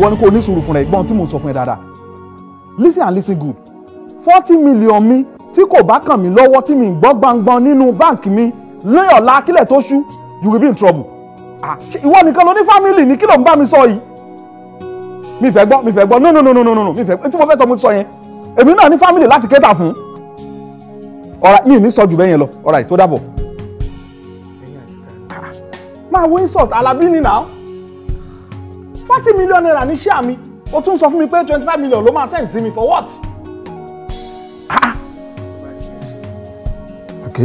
ìwọ ni kò ní sùúrù fún rẹ gbọ́n tí mò sọ fún ẹ dáadáa listen and listen good forty million mi tí kò bá kàn mí lọ́wọ́ tí mi ń gbọ́ gbangban nínú báǹkì mi lẹ́yìn ọ̀la kílẹ̀ tó ṣú you will be in trouble ah ìwọ nìkan ló ní family ni kí ló ń bá mi sọ yìí mi fẹ́ gbọ́ mi fẹ́ gbọ́ no no no no no no mi fẹ́ gbọ́ tí mo fẹ́ sọ mo ti sọ yẹn èmi náà ní family láti kẹ́ta fún ọ̀rá mi ní sọ jù bẹ́yẹn lọ ọ̀rá yìí tó dàbọ̀ ah, máa wí sọ̀t alábí ni now forty million naira ní ṣíà mi o tún sọ fún mi pé twenty five million ló máa send sí mi for what? Ah. ok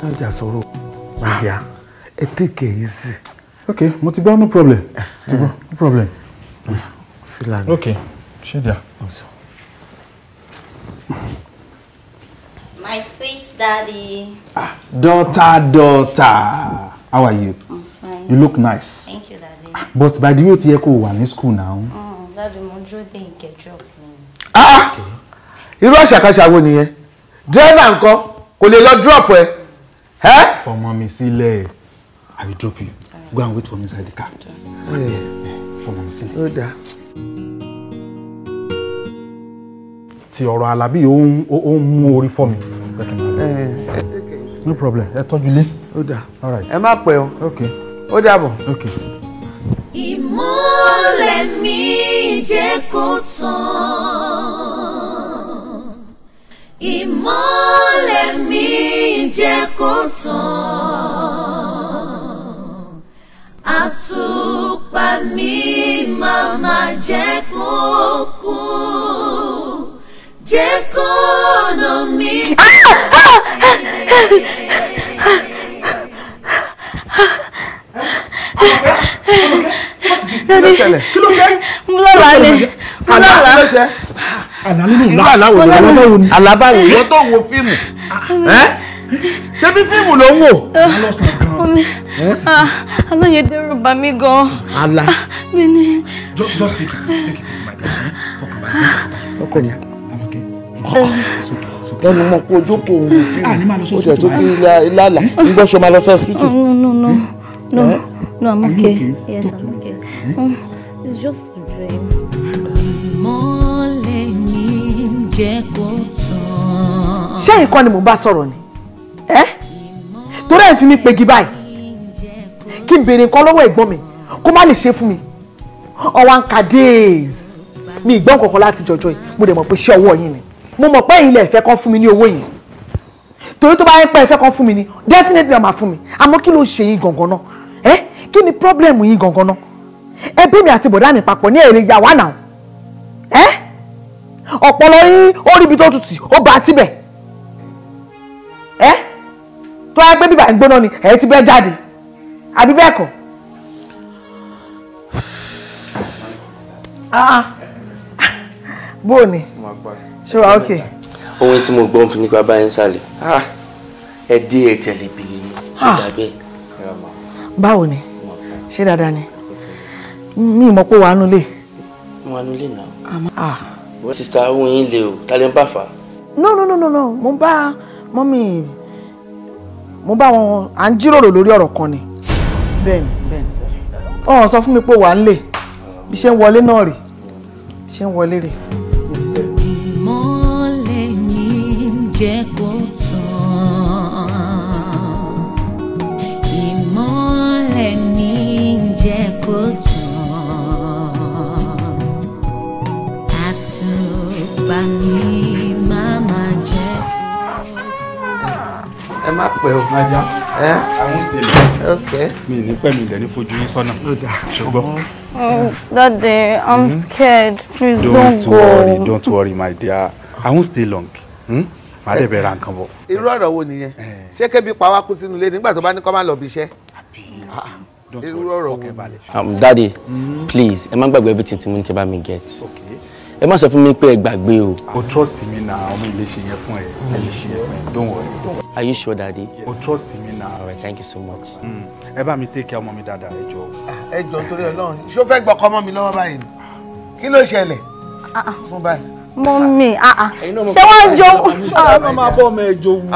tájà sọ̀rọ̀ ah. màdìá ẹ take it easy. ok mo ti gbọ́ no problem eh, eh. ti gbọ́ no problem. filani ok ṣe díà. My sweet daddy. Ah, daughter, daughter. How are you? I'm fine. You look nice. Thank you, daddy but by the way o ti yẹ kó o wà ní school náà. Mm, dájú mo dúró dé ìkẹjọ mi. Ah, ah! irú àṣàkáṣà wo nìyẹn dírẹ́fà nǹkan kò lè lọ drop ẹ. ọmọ mi sílẹ̀ i will drop you go and wait for me inside the car. Eh, ọmọ mi sílẹ̀. ti ọ̀rọ̀ alábí ó ń mú orí fọ́ mi. Eh. no problem ẹ tọ́jú lé. ó dà ẹ má pẹ́ o ó dàbọ̀. okay. ìmọ́lẹ̀ mi jẹ́ kó ìmọ́lẹ̀ mi jẹ́ kó tàn àtùpà mi màmá jẹ́ kó kú jẹ́ kó nà mí. kí ló ṣẹlẹ̀ kí ló ṣe. mo lọ́la ni mo lọ́la àlá nínú ńlá aláwọ̀ ni ah, ah, just take it take it easy my dear fọkàn bá mi. ọkọ mi amake lẹnu mọ kó jókòó ohun tí o tẹ tó ti lálà ń ah. gbọ́ ma lọ sọ oh, no no eh? no. Eh? No, I'm okay. okay. Yes, Talk I'm okay. Eh? Oh, it's just a dream. Ṣé ìkọ́ ni mò ń bá sọ̀rọ̀ ni? Ẹ́ torí ẹ̀ ń fi mi pegi báyìí. Kí n béèrè nǹkan lọ́wọ́ ẹ̀gbọ́n mi kó má lè ṣe fún mi. Ọwọ́ ń ka days. Mi ìgbọ́n kankan láti jọjọ́ yìí. Mo dẹ̀ mọ̀ pé ṣé ọwọ́ yín ni. Mo mọ̀ pé ẹ̀yin lẹ fẹ́ kán fún mi ní owó yìí torí tó bá yẹ pé ẹ fẹ́ kan fún mi ni definitely ọmọ fún mi àmọ́ kí ló ṣe yín gangan náà kí ni problem yìí gangan náà ẹbí mi àti bọ̀dá mi papọ̀ ní èrè yà wá nà ẹ́ ọ̀pọ̀lọ yín ó rí ibi tó tutù ó bá a síbẹ̀ ẹ́ tó wá gbé bíbà ń ni ẹ̀ ti bẹ́ jáde àbí bẹ́ẹ̀ kọ́. Ah, ah. bó o ní ṣé wàá ok. ohun tí mo gbọ́ fún nípa báyìí ń sàlẹ̀ ah. ẹ dé ẹ tẹ̀lé bìrì ni ṣé dàbí ẹ. báwo ni ṣé dáadáa ni mi mọ̀ pé wàá nulẹ̀. wàá nulẹ̀ náà. ah. wọ́n sista ohun yín le o ta ló ń bá fà no no no no no mo bá mọ́mì mo bá wọn à ń jíròrò lórí ọ̀rọ̀ kan ni bẹ́ẹ̀ ni bẹ́ẹ̀ ni ọ̀hún sọ fún mi pé wàá nulẹ̀ bí ṣe ń wọlé náà rè ṣe ń wọlé rè. ìmọ̀lẹ̀ yìí jẹ́ kó bá ní ẹ má pẹ́ o. ajá ẹ àwọn stèlè. ok. mi ní pẹ̀lú ilẹ̀ ní fojú yín sọ́nà. ṣùgbọ́n. Oh, Daddy, I'm mm scared. Please don't, don't go. Don't worry, don't worry, my dear. I won't stay long. Hmm? Màá dẹ̀ bẹ̀rẹ̀ nǹkan bọ̀. Irú ọ̀rọ̀ wo nìyẹn? Eh. Ṣé kébi pa wá kú sínú ilé nígbà tó bá ní kó má lọ bí iṣẹ́? Ah, irú ọ̀rọ̀ wo? Um, Daddy, hmm? please, ẹ má gbàgbé everything tí mo ní kí ẹ bá mi get. Okay ẹ má sọ fún mi pé ẹ gbàgbé o. o trust mi na ọmọ ilé ṣe yẹn fún ẹ ẹ lè ṣe yẹn fún ẹ don't worry. are you sure daddy. o trust mi na. all right thank you so much. Mm. ẹ bá mi take care ọmọ mi dada. ẹ jọ. ẹ jọ torí Ọlọ́run ṣó fẹ́ gbọkọ ọmọ mi lọ́wọ́ báyìí kí ló ṣẹlẹ̀ ah, ah. fún báyìí. mọ́mì ah, ṣé wọ́n jó. ọmọ máa bọ́ ọmọ ẹ jó wú.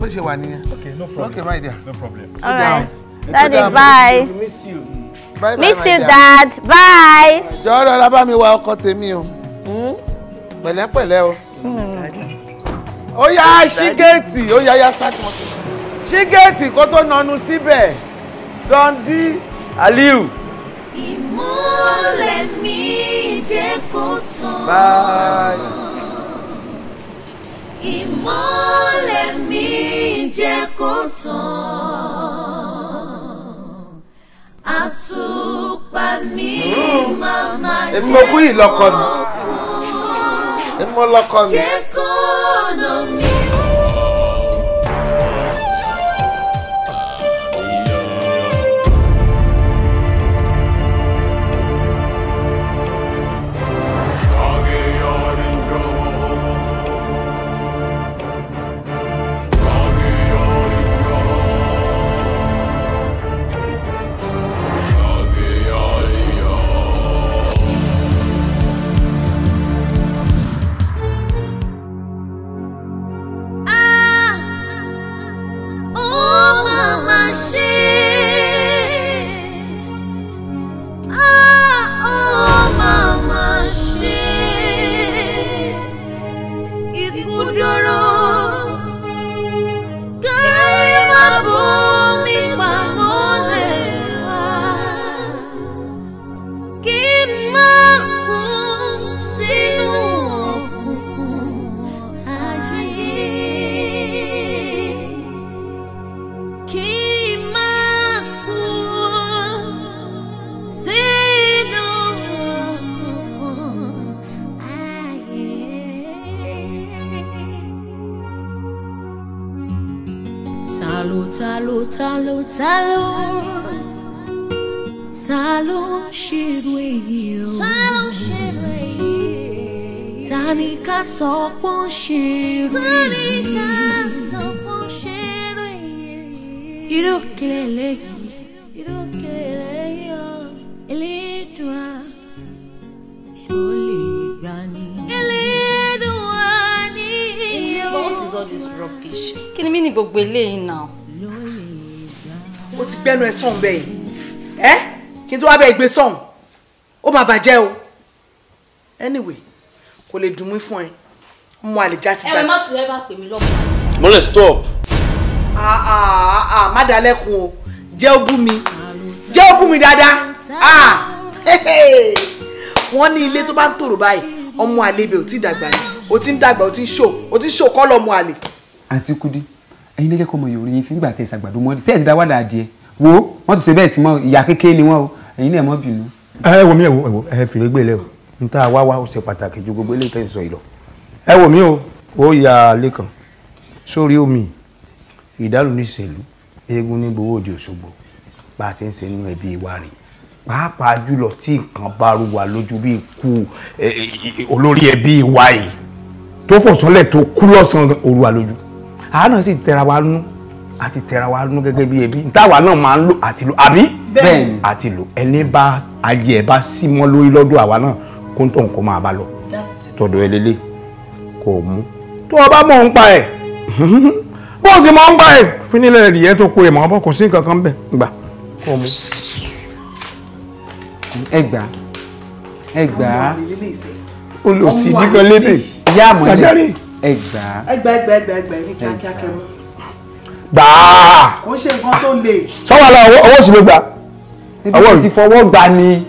bó ṣe wà nìyẹn. okay no problem okay my dear. no problem. all right daddy bye. we miss you bye miss you dad bye. jọ̀ọ́ rọra bá mi wa ọkọ tèmi o pẹ̀lẹ́pẹ̀lẹ́ o ó yá ṣí géètì ó yá yá start motor ṣí géètì kó tó nanu síbẹ̀ dundee aliu. ìmọ̀lẹ̀ mi jẹ́ kó tàn. ìmọ̀lẹ̀ mi jẹ́ kó tàn àtùpà mm. mi màmá jẹ́ mi èmi mo lọ́kọ mi jẹ́ Salut, salut, ṣèròyìn Salut, Salud ṣèròyìn. Tanika sọ pé ó ń ṣèròyìn. Tanika sọ pé Iro ń ṣèròyìn. Irú kílẹ̀ lẹ́yìn. Irú kílẹ̀ lẹ́yìn o. Elédùá kò lè gbani. Elédùá ni o. What is all this rubbish? Can you mean ni gbogbo eléyìí náà? ti gbẹ́nu ẹ sọ̀hún bẹ́ẹ̀ ẹ́ kí n tó wá bẹ́ẹ̀ gbé sọ̀hún ó máa bàjẹ́ o anyway kò lè dùn mí fún ẹ mo àlè jáde jáde. ẹ má sùn ẹ bá pè mí lọ́kùnrin. mo stop. ah ah ah má dalẹ́kun o jẹ́ ó bú mi jẹ́ ó bú mi dáadáa ah wọ́n ní ilé tó bá ń tòrò báyìí ọmọ àlè ibẹ̀ ò tí ì dàgbà ni o ti ń dàgbà o ti ń ṣò o ti ń ṣò kọ́ lọ́mọ àlè. àǹtí kudi ẹ̀yin lè jẹ́ kọ́ ọmọ yorùbá yín fún ìgbà tẹ̀sán àgbàdo mọ́lẹ̀ sí ẹ̀ ti dá wàdà adìẹ wo wọ́n ti ṣe bẹ́ẹ̀ sí mọ́ ìyá kékeré ni wọ́n o ẹ̀yin náà mọ́ bínú. ẹ wò mí ẹ wò ẹ wò ẹ fìlè gbélé o n ta wá wá ó ṣe pàtàkì ju gbogbo eléyìí tẹ̀sán yìí lọ ẹ wò mí o ó ya lẹ́kàn sórí omi ìdálò ní ìṣèlú eégún ní gbowó òde òṣogbo bá a ṣe ń ṣe nínú ẹbí wa rìn pàápàá jùlọ tí nǹkan bá rú wa lójú bí ikú olórí ẹbí wa yìí tó fòsánlẹ̀ tó kú lọ́sàn-án òru wa lójú àánà sì tẹra wa nú a ti tẹra wa nú gẹ́gẹ́ bí ẹbí táwa náà máa ń lò àti lò àbí bẹ́ẹ̀ àti lò ẹni bá ayé ẹ̀ bá sí mọ́ lórí lọ́dọ̀ àwa náà kó ń tọ̀hún kó máa bá lọ tọ̀dọ̀ ẹ lélẹ̀ kò mú tó o bá mọ̀ ń pa ẹ̀ bó o sì mọ̀ ń pa ẹ̀ fínilẹ̀ rìẹ́ tó kó ẹ̀ mọ̀ ọ́ kò sí nǹkan kan bẹ̀ gbà kò mú. ẹ gbà ẹ gbà olùsí bí kan lédè ìyá àmọ́lẹ̀ ẹ gbà. ẹ gbà ẹ gbà ẹ gbà ẹ gbà ẹ ní kíákíá kẹmú gbàá. ó ṣe nǹkan tó le. sọ́wọ́ lọ owó sì ló gbà. ibi mo ti fọwọ́ gbà ni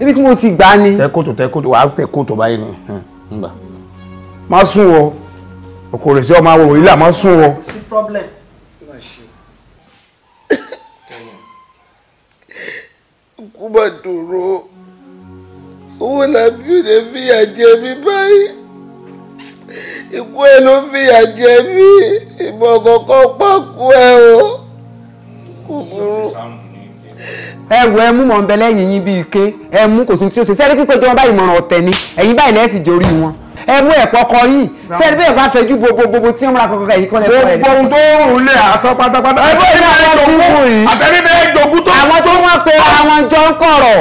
ibi kí mo ti gbà ni. tẹ kóòtù tẹ kóòtù wàá tẹ kóòtù báyìí ni. má sùn wọ okòrè sí ọmọ àwòrán ilé àmọ́ sùn wọ. sí problem. kú mà dòrò owó làbí ò lè fi àjẹ báyìí ikú ẹ ló fìyà jẹ mí ìmọ̀ kọ̀ọ̀kan ẹ o. ẹ wo ẹ mú mọ̀ nbẹ lẹ́yìn yín bíi ike ẹ mú kò sí tí ó ṣe sẹ́rí pípé tí wọ́n bá ìmọ̀ràn ọ̀tẹ̀ ni ẹ̀yin báyìí lẹ́sìn jorí wọn ẹ mú ẹ̀pọ̀ kọ yìí sẹ́rí bẹ́ẹ̀ bá fẹjú gbogbogbò tí wọ́n múra kankan ẹ̀yìn kan lẹ́pọ̀ ẹ̀. gbogbo ohun tó rùn lẹ̀ àtọ́ pátápátá. ẹ bẹ́ẹ̀ ni àwọn jogún tó. ń kọ̀rọ̀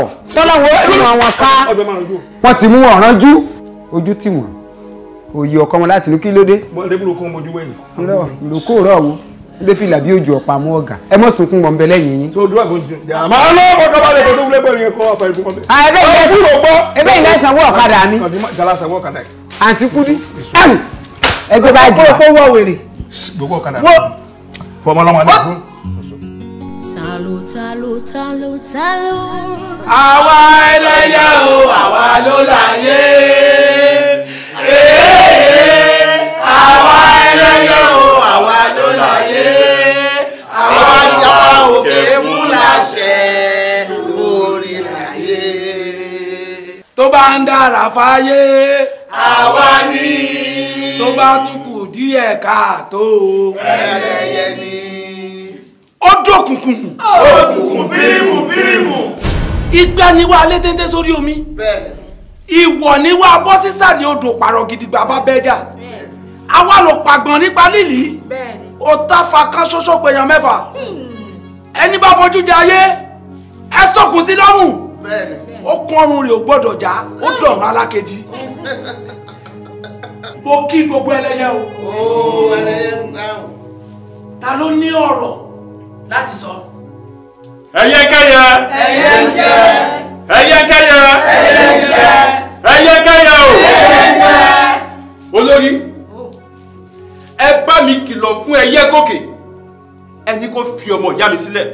tọ́lọ́wọ́ sì òye ọkọ wọn láti inú kí ló dé. mọ̀lẹ́bí ló kọ́ mojú wẹ̀yìn. wo ilé fìlà bí òjò ọ̀pá mú ọ̀gá ẹ mọ̀ sunkún mọ̀ nbẹ̀lẹ̀ yìí yín. tó dúró àgbo jù yàrá máa lọ ọkọ balẹ̀ tó sókúlẹ̀ bọ̀ yẹn kọ́ ọ̀pá ìlú mọ́bẹ̀. àbẹ ilé sanwó ọgbọ́ ẹbẹ ilé sanwó ọ̀kadà mi. jala sanwó ọ̀kadà yìí. àǹtí kudi ẹgbẹ́ bá jù. ọkọ wọ wèrè. gbogbo ọ̀kadà rẹ fọmọ ọlọmọ adé fún. talo talo talo talo. àwa ẹlẹ́yà o àwa ló láyé. òkè fún láṣẹ lórí láyé. tó bá ń dára fáyé. àwa ni. tó bá tún kù díẹ̀ káàtó. ẹlẹ́yẹ ni. ó dòkùnkùn. ó dòkùnkùn bírímù bírímù. ìgbà ni wà á lé téńté sórí omi. bẹ́ẹ̀ni. ìwọ ni wà á bọ́ sísàlẹ̀ odò pààrọ̀ gidi bàbá bẹ́ẹ̀ àwa ló pàgbọ́n nípa lílì ó tá fa kán ṣoṣo pèèyàn mẹ́fà hmm ẹni bá fojú jẹ ayé ẹ sọkùn sí lọ́rùn ó kún ọrùn rẹ̀ ò gbọ́dọ̀ já ó dọ̀rùn alákejì mo kí gbogbo ẹlẹ́yẹ o ta ló ní ọ̀rọ̀ láti sọ. ẹyẹkẹyẹ ẹyẹ ń jẹ ẹyẹkẹyẹ ẹyẹ ń jẹ ẹyẹkẹyẹ o ẹyẹ ń jẹ. olórí oh. ẹ bá mi kìlọ̀ fún ẹyẹ gòkè ẹni kò fi ọmọ ìyá mi sílẹ̀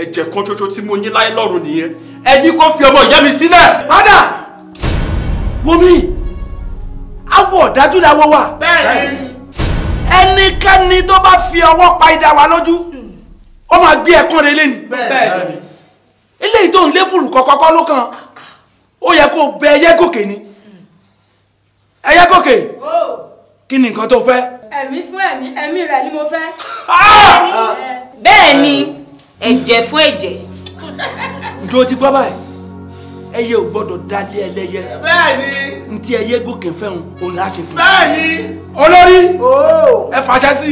ẹ̀jẹ̀ kan ṣoṣo tí mo yín láyé lọ́run nìyẹn ẹni kò fi ọmọ ìyá mi sílẹ̀. padà wọmi awọ ọ̀dájú làwọ wà. bẹ́ẹ̀ni. ẹnikẹ́ni tó bá fi ọwọ́ pa idà wa lójú ó máa gbé ẹ̀kan rẹ lẹ́nu. bẹ́ẹ̀ni. eléyìí tó ń lé fùrù kọ́kọ́kọ́ ló kàn ó yẹ kó bẹ ẹyẹ gòkè ni ẹyẹ gòkè. Oh kí ni nǹkan tó fẹ́. ẹ̀mí fún ẹ̀mí ẹ̀mí rẹ̀ ni mo fẹ́. Ah! bẹ́ẹ̀ ni ẹ̀jẹ̀ fún ẹ̀jẹ̀. ǹjẹ́ o ti gbọ́ báyìí ẹyẹ ò gbọ́dọ̀ dálé ẹlẹ́yẹ. bẹ́ẹ̀ ni. n ti ẹyẹ gòkè fẹ́hùn òun á ṣe fún. bẹ́ẹ̀ ni. olórí oh. ẹ fàṣẹ sí.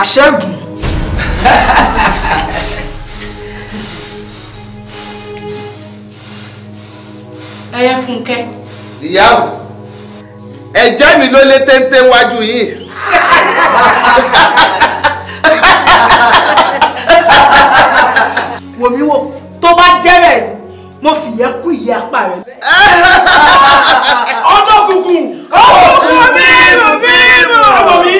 àṣẹ́gun. ẹyẹ fúnkẹ́. ìyáwó ẹ̀jẹ̀ mi ló lé téńté wájú yìí. wò mí wò tó bá jẹ́ rẹ̀ mo fìyẹ́ kú ìyá apá rẹ̀. ọjọ́ funfun ọwọ́ fún mi mi mi. ọwọ́ mi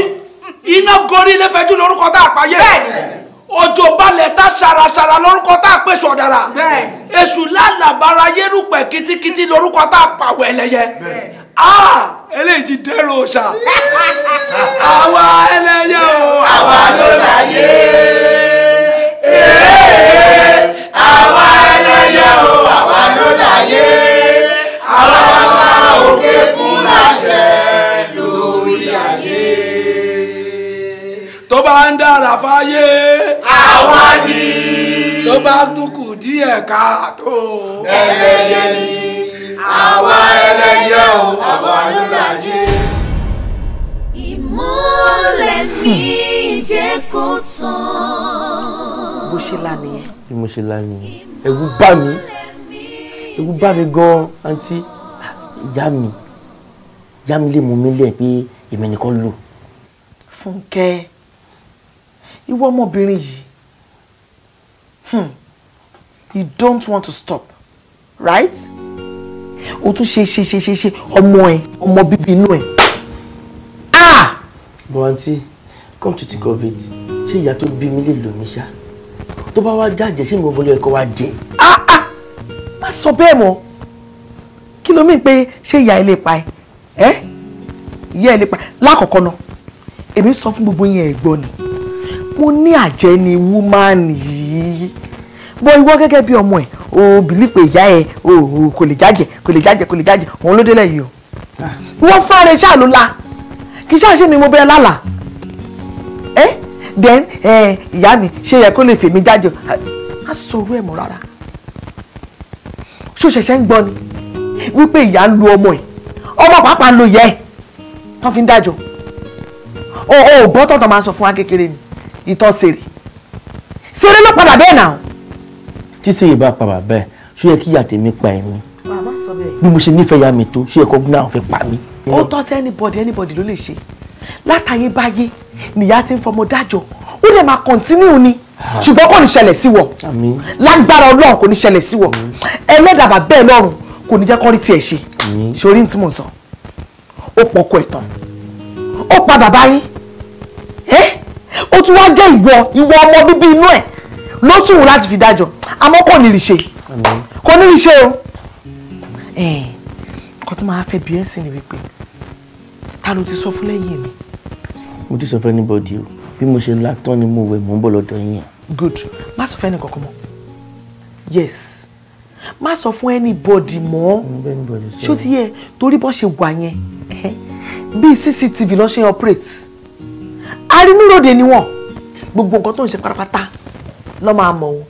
iná gorí ilé fẹjú lórúkọ tá a pààyè. bẹ́ẹ̀ni ọjọ́ balẹ̀ tá ṣaraṣara lórúkọ tá a pèsè ọ̀dàrà èṣù lálàbára yérùpẹ̀ kitikiti lórúkọ tá a pàwọ̀ ẹlẹ́yẹ eléyìí ti dẹ́rù òòṣà. àwa ẹlẹ́yẹ o àwa ló láyé. àwa ẹlẹ́yẹ o àwa ló láyé. àwa la òkè fún láṣẹ lórí ayé. tó bá ń dára fáyé. àwa ni. tó bá tún kù díẹ̀ káàtó. ẹlẹ́yẹ ni àwa ẹlẹ́yẹ o àwa níláyé. ìmọ́lẹ̀ mi jẹ́ kó tán. bó ṣe la nìyẹn. bí mo ṣe la nìyẹn ẹ̀rù bà mí ẹ̀rù bà mí gan-an àǹtí ìyá mi ìyá mi lè mú mi lẹ̀ pé èmi nìkan lò. fúnkẹ́ ìwọ ọmọbìnrin yìí hmm. you don't want to stop right o tún ṣe ṣe ṣe ṣe ṣe ọmọ ẹ ọmọ bíbí inú ẹ. bọ́ǹtì come to think of it ṣé ìyá tó bí mi lè lò mí ṣá tó bá wá jàjẹ́ ṣé mo bọ́lọ́ ẹ̀kọ́ wá jẹ. má sọ bẹ́ẹ̀ mọ́ kí ló mí pé ṣé ìyá ẹ lè pa ẹ ẹ ìyá ẹ lè pa lákọ̀ọ́kọ́ náà èmi sọ fún gbogbo yẹn ẹ̀gbọ́n ni mo ní àjẹ́ ni wúmánì yìí bọ́ ìwọ gẹ́gẹ́ bí ọmọ ẹ̀ o believe pé ìyá ẹ o kò lè jájẹ kò lè jájẹ kò lè jájẹ òun ló délẹ̀ yìí o. Ah. wọ́n fáre ṣáà ló la kì í ṣáà ṣe mi mo bẹ́ẹ̀ lálàá ẹ then ìyá mi ṣe yẹ kó lè fèmí jájọ á sọ̀rọ̀ ẹ̀ mọ́ rárá ṣó ṣẹ̀ṣẹ̀ ń gbọ́ ni wípé ìyá ń lu ọmọ ẹ̀ ọmọ pàápàá lo yẹ tó fi ń dájọ́ o ò gbọ́ tọ̀tọ̀ máa sọ fún wa kékeré ni ìtọ́ sèrè sèrè ló padà bẹ́ẹ̀ náà tí sèyí bá pa bàbá ẹ̀ ṣó yẹ kí ìyá tèmi pa ẹ̀mí bí mo ṣe nífẹ̀ẹ́ ya mi tó ṣó yẹ kó gbọ́n àwọn fẹ́ pa mí. ó tọ́ sí anybody anybody ló lè ṣe látayébáyé nìyá ti ń fọmọ dájọ́ ó lè máa continue ni ah. ṣùgbọ́n kò ní ṣẹlẹ̀ sí wọ lágbára ọlọ́run kò ní ṣẹlẹ̀ sí wọ ẹlẹ́dàbà bẹ́ẹ̀ lọ́rùn kò ní jẹ́ kọ́ rí tiẹ̀ ṣe ṣorí tí mò ń sọ ó pọ̀ ọkọ ẹ̀tàn ó pa bàbá yín ó tún wá jẹ́ ìwọ ìwọ ọmọ bíbí inú ẹ̀ ló tún wù láti fi dájọ́ àmọ́ kò ní lè ṣe kò ní lè ṣe o nǹkan tí màá fẹ́ bí ẹ́ sìn ni wípé ta ló ti sọ fún lẹ́yìn mi. mo ti sọ fún anybody o bí mo ṣe la tán ni mo wẹ̀ mò ń bọ̀ lọ́dọ̀ yín. good má sọ fún ẹnì kankan mọ́ yes má sọ fún anybody mọ́ ṣó ti yẹ torí bọ́n ṣe wà yẹn bíi cctv lọ́ ṣe operate arínúròde ni wọ́n gbogbo nǹkan tó ń ṣe pátápátá lọ́ máa mọ̀ o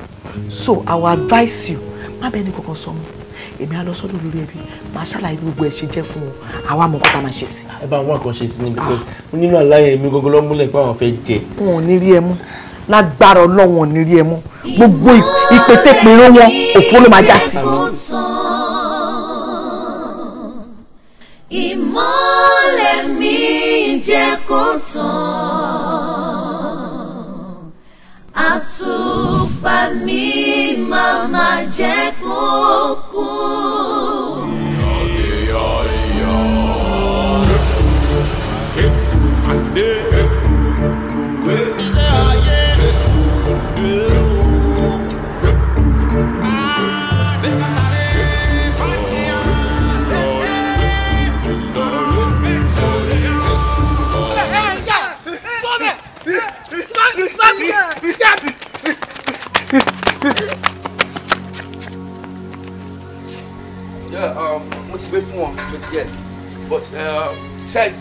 so i will advise you má bẹ́ẹ̀ ní kankan sọmọ èmi á lọ sọ́dọ̀ olórí ẹbí màá ṣàlàyé gbogbo ẹ̀ ṣe jẹ́ fún wọn àwa mọ̀ kọ́ta máa ṣe sí. ẹ bá wọn kan sí ni because nínú àlàyé mi gbogbo ló múlẹ̀ pé àwọn fẹ́ jẹ. wọn ò ní rí ẹ mú lágbára ọlọ́wọ̀n ní rí ẹ mú gbogbo ìpètèpèrè wọn òfó ló máa já sí. ìmọ̀lẹ̀ mi jẹ́ kó tán àtúntò. pa mi mama jẹ́ kó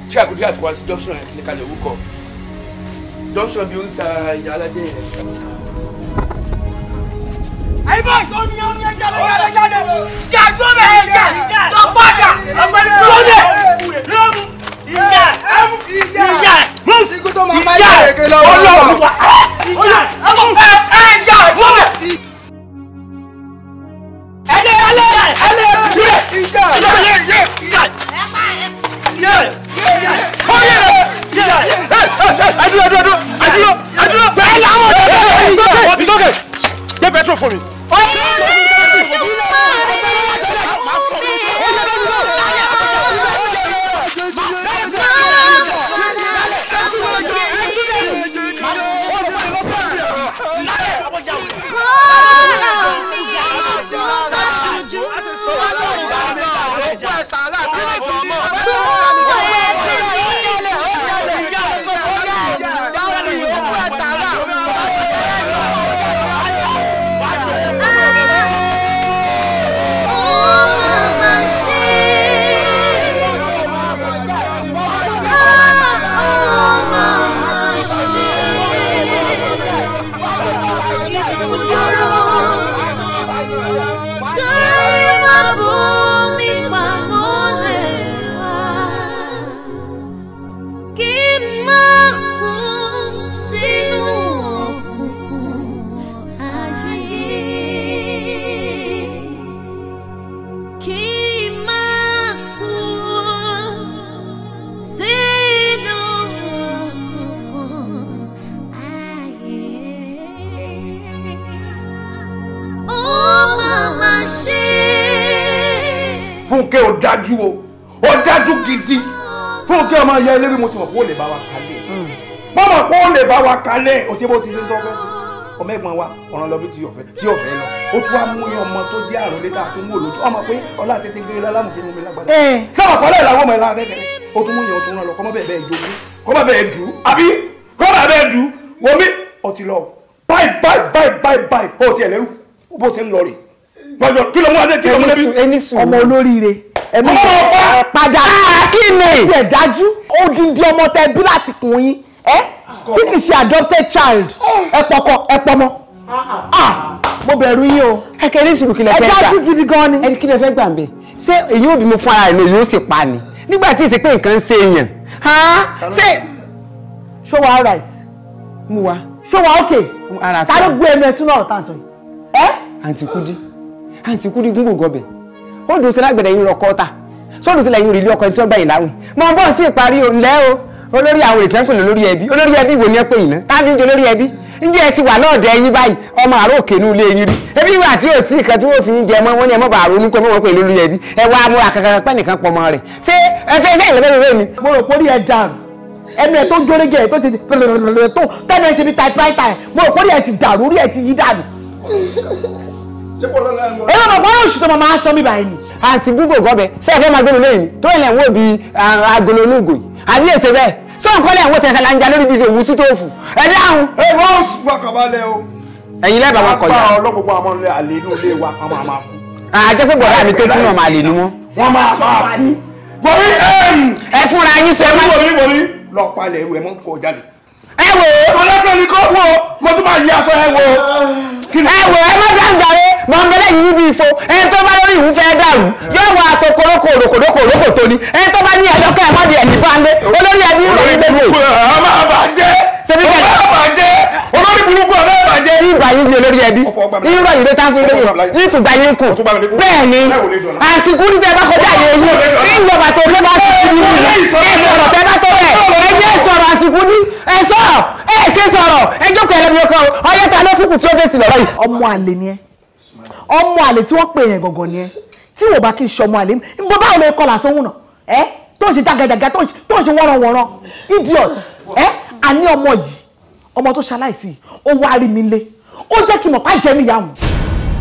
tí àkójú àti wá sí junction yẹn ní kalẹ̀ orúkọ junction bíi oríta ìyá aládé yẹn. àyíbá ìsọ̀rọ̀ ni àwọn ẹja lọ yára jáde jà tó bẹ̀ ẹ̀ jà lọ fọ́jà àpẹẹrẹ adúlọ adúlọ adúlọ adúlọ bẹ́ẹ̀ làwọn ọ̀dọ́ bẹ́ẹ̀ sókè sókè gbé pẹtrol fún mi. fúnkẹ́ ò dájú o ò dájú gidi fúnkẹ́ ọmọ ìyá ilé bí mo ti mọ̀ kó lè bá wa kalẹ̀ hmm. mo mọ̀ kó lè bá wa o ti bó ti ṣe ń tọ́ fẹ́ sí ọmọ ẹ̀gbọ́n wa ọ̀ràn lọ bí ti ọ̀fẹ́ tí ọ̀fẹ́ lọ ó tún wá mú yín ọmọ tó jẹ́ àrùn létà tó mú olójú ọmọ pé ọlá tètè gbére lálámùfín mú mi lágbàdo sábà pọ̀lẹ́ làwọn ọmọ ẹ̀ lára tẹ́tẹ́ ó tún mú yín ọtún rán lọ kọ́mọ́ bẹ́ẹ̀ bẹ́ẹ̀ jogún kọ́mọ́ bẹ́ẹ̀ dù àbí kọ́mọ́ bẹ́ẹ̀ dù wọ́n mi ọtí lọ báyìí báyìí báyìí báyìí báyìí ó ti ẹ̀ lẹ́rù bó ṣe ń lọ rèé pàjọ kí ló mú adé kí ló mú débi. ẹni sùn ọmọ olóríire ẹmí ẹ padà ah, kí ni ti ẹ dájú odindi ọmọ tẹ bí láti kùn yín ẹ tí kì í ṣe adopted child ẹ pọkọ ẹ pọmọ ah, mo bẹ̀rù yín o. ẹ kẹrin sùn kí lè fẹ́ gbà ẹ dájú gidi gan ni. ẹ kí lè fẹ́ gbà mí ṣé èyí ò bímọ fún ara rẹ lòyún ó sì pa ni nígbà tí ìsìnkú nǹkan ń ṣe èèyàn ṣé. ṣó wa all right mu wa ṣó wa okay ta ló gbé ẹnu ẹtún náà tá a sọ yìí. àǹtí Kúdí àǹtí kúrú igun gbòǹgàn bẹ̀ ó dùn sí lágbẹ̀dẹ̀ yín lọkọ ta sódùn sílẹ̀ yín rìlí ọkọ ẹni tí wọ́n gbà yín láwìn mọ bọ́ sí ìparí òǹlẹ́ o olórí àwọn ìsẹ́ńpẹ̀lẹ̀ olórí ẹbí olórí ẹbí wo ni ẹ pè yín náà táàbí ń jẹ olórí ẹbí njẹ́ ẹ ti wà lọ́ọ̀dọ̀ ẹyin báyìí ọmọ àárọ̀ òkè ní ilé yín rí ebi ìwà tí yóò sí nǹkan tí wọ́n fi ń jẹ mọ́ wọ́n ní ẹ mọ́ bàa ronú kọ́ mọ́ wọ́n pè lólu ẹbí ẹ wá mú akẹ́kẹ́ pẹ́ nìkan pọ̀ mọ́ rẹ̀ ṣé ẹ fẹ́ fẹ́ ìlẹ́fẹ́ rẹ̀ mi. mo rò pórí ẹ dànù ẹnu ẹ tó górégé ẹ tó ti pẹlẹpẹlẹ tó tẹnu ẹ ṣe bí typewriter ẹ mo rò pórí ẹ ti dàrú orí ẹ ti yí dànù ẹ̀rọ mọ̀ báyọ̀ òṣìṣẹ́ mọ̀ máa ń sọ bíbá ẹni àti gúgò gọ́bẹ ṣé ẹ̀fẹ́ máa gbẹ́nu lẹ́yìn ni tó ilẹ̀ ń wò bí agolo olóògùn yìí àbí èsè bẹ́ẹ̀ sọ nǹkan lẹ́yìn wò tẹ̀sán lanja lórí bí ṣe wù sí tófù ẹ dáhùn. ẹ wọ́n sùpà kàbálẹ̀ o. ẹ̀yin lẹ́bàá wọn kọjá. àgbà ọlọ́pọ̀pọ̀ àmọ́ ilé àlè inú ilé wa àmọ́ àmọ́ àkú. àjẹ́ pé bọ̀dá mi tó kú náà máa lè nu wọn. wọ́n máa máa kú. bọ̀rí ẹ̀ ẹ̀ fúnra yín sọ ẹ má. bọ̀rí bọ̀rí lọ́ọ̀pá ilẹ̀ ìwé mọ́ kọjá lè ẹ wò ó. sọ lẹ́sẹ̀ ni kò wò ó mo tún máa yí aṣọ ẹ wò ó. ẹ wò ẹ má gbàgbàre bọ̀ǹbẹ̀lẹ̀ yìí níbi ìfo ẹni tó bá lórí ìwú fẹ́ dàrú yóò wọ àtò koroko òrokòdókò òrokò tó ni ẹni tó bá ní ẹ̀yọ́kọ̀ ẹ̀ mọ́dì ẹ̀mí fáńdé olórí ẹbí olórí burúkú ọmọ àbàjẹ́ ọmọ àbàjẹ́ olórí burúkú ọmọ àbàjẹ́. ibà yìí di olórí ẹbí irúgbà yìí ló tá fún lóyún yìí ni àǹtí kúrú tẹ ẹbí ọkọ ọyẹ ta ló tún kù tí ó fèsì lọ́rọ̀ yìí. ọmọ àlè ni ẹ ọmọ àlè tí wọ́n pè yẹn gangan ni ẹ tí wò bá kí n ṣọmọ àlè bó báwo lè kọlà sóhun náà ẹ tó ń ṣe jàgàjàgà tó ń ṣe wọ́rọ̀wọ́rọ̀ idiot ẹ àní ọmọ yìí ọmọ tó ṣaláìsí ó wá rí mi lé ó jẹ́ kí n mọ̀ pàjẹ́ níyàwó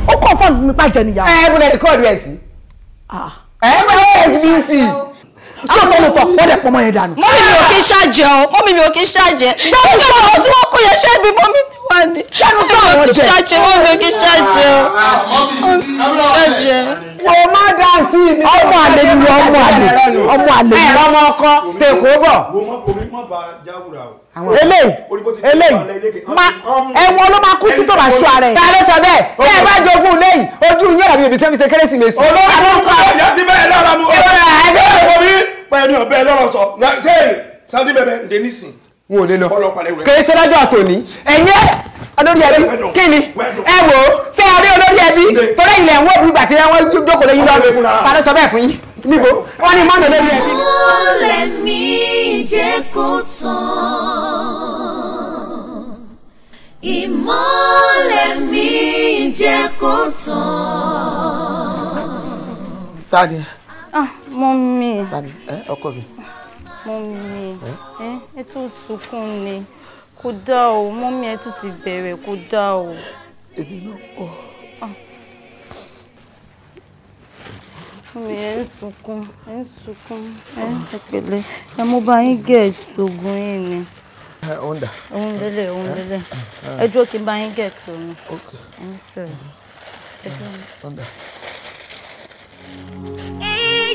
ó kọ̀ fọ́ọ̀nù mi pàjẹ́ níyàwó. ẹ ah. ẹ bọ́dẹ̀ rẹ́kọ̀dù ẹ̀ sí. ẹ bọ́dẹ̀ ẹ̀ sí bí sí àwọn olùkọ́ wọ́n dẹ̀ pọ́nmọ́ yẹn dànù. mọ́mí mi ò kí ń ṣàjẹ́ o mọ́mí mi ò kí ń ṣàjẹ́. gbọ́dọ̀ gbọ́dọ̀ tí wọ́n kó yẹn ṣe bí mọ́mí mi wà ní. sẹ́nu sọ̀rọ̀ jẹ́ mọ́mí ò kí ń ṣàjẹ́ mọ́mí ò kí ń ṣàjẹ́ o. ṣàjẹ́. wo má dáǹtì mi. ọmọ àlè ni ọmọ àlè ọmọ àlè ni ọmọ ọkọ tèkó bọ̀. eléyìí eléyìí ẹ̀wọ̀n ló máa kú sí tó bá ṣọ ara ẹ̀. ta ló sọ bẹ́ẹ̀ bí ẹ bá jogún lẹ́yìn ojú yín ọ̀rọ̀ mi ò bí tẹ́mi ṣe kérésìmesì. olórí ọkọ ìyá ti bẹ́ẹ̀ lọ́ra mu. ẹ̀wọ̀n ẹ̀jẹ̀ ló wọ mi pẹ́ẹ́nì ọ̀bẹ lọ́rọ̀ sọ ṣé Sunday bẹ̀bẹ̀ ǹdẹ́ nísìn. wọn ò lè lọ kèé sọdájọ́ àtòní ẹ̀yìn olórí ẹbí kí ni ẹ wò ó ṣé a olórí ẹbí torí ilẹ̀ ń wò bí bàtí wọn jókòó lẹ́yìn lọ padà sọ bẹ́ẹ̀ fún yín níbo wọn ni mọ́nà olórí ẹbí. ó lè jẹ́ kó tán ìmọ́lẹ̀ mi jẹ́ kó tán. ta Mummy. Ẹ ọkọ mi. Mummy ẹ tún sunkún ni kò dá o mummy ẹ tún ti bẹ̀rẹ̀ kò dá o. Èmi ló kọ́. Ah. Mummy ẹ ń sunkún ẹ ń sunkún ẹ ń pẹ̀lẹ́ ẹ mo bá yín gẹ̀ ìṣògùn yìí ni. Òun dà. Òun délé òun délé ẹ dúró kí n bá yín gẹ̀ tó mi. Ẹ ń sọ̀rọ̀ ẹ dúró. Òun dà. Thank you.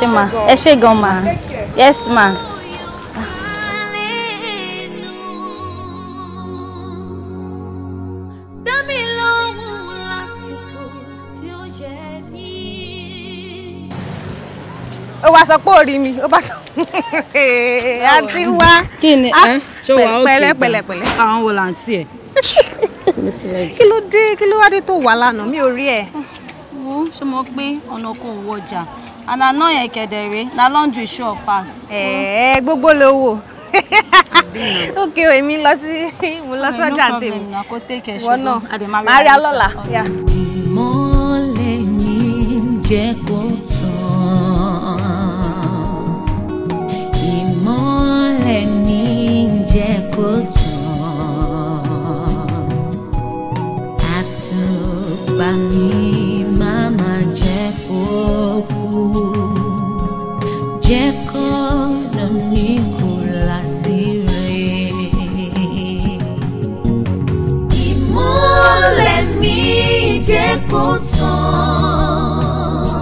ẹ ma ẹ gan ma yes ma. ó wá sọ pé ó rí mi ó bá sọ àǹtí wá ah, pẹ̀lẹ́ pẹ̀lẹ́ pẹ̀lẹ́. àwọn wo làǹtí ẹ. kí ló dé kí ló wá dé tó wà lánàá mi ò rí ẹ. mo ṣe mọ pé ọ̀nà kan wọjà and àná yẹn kẹ̀dẹ̀rẹ́ na laundry sure pass. ẹ̀ẹ́ eh, gbogbo ló wò okay o èmi lọ sí mo lọ sọ́jà tèmi wọ́n náà máa rí ìmọ̀lẹ̀ yìí jẹ́ kó tán ìmọ̀lẹ̀ yìí jẹ́ kó tán àtùpà mi. mo tàn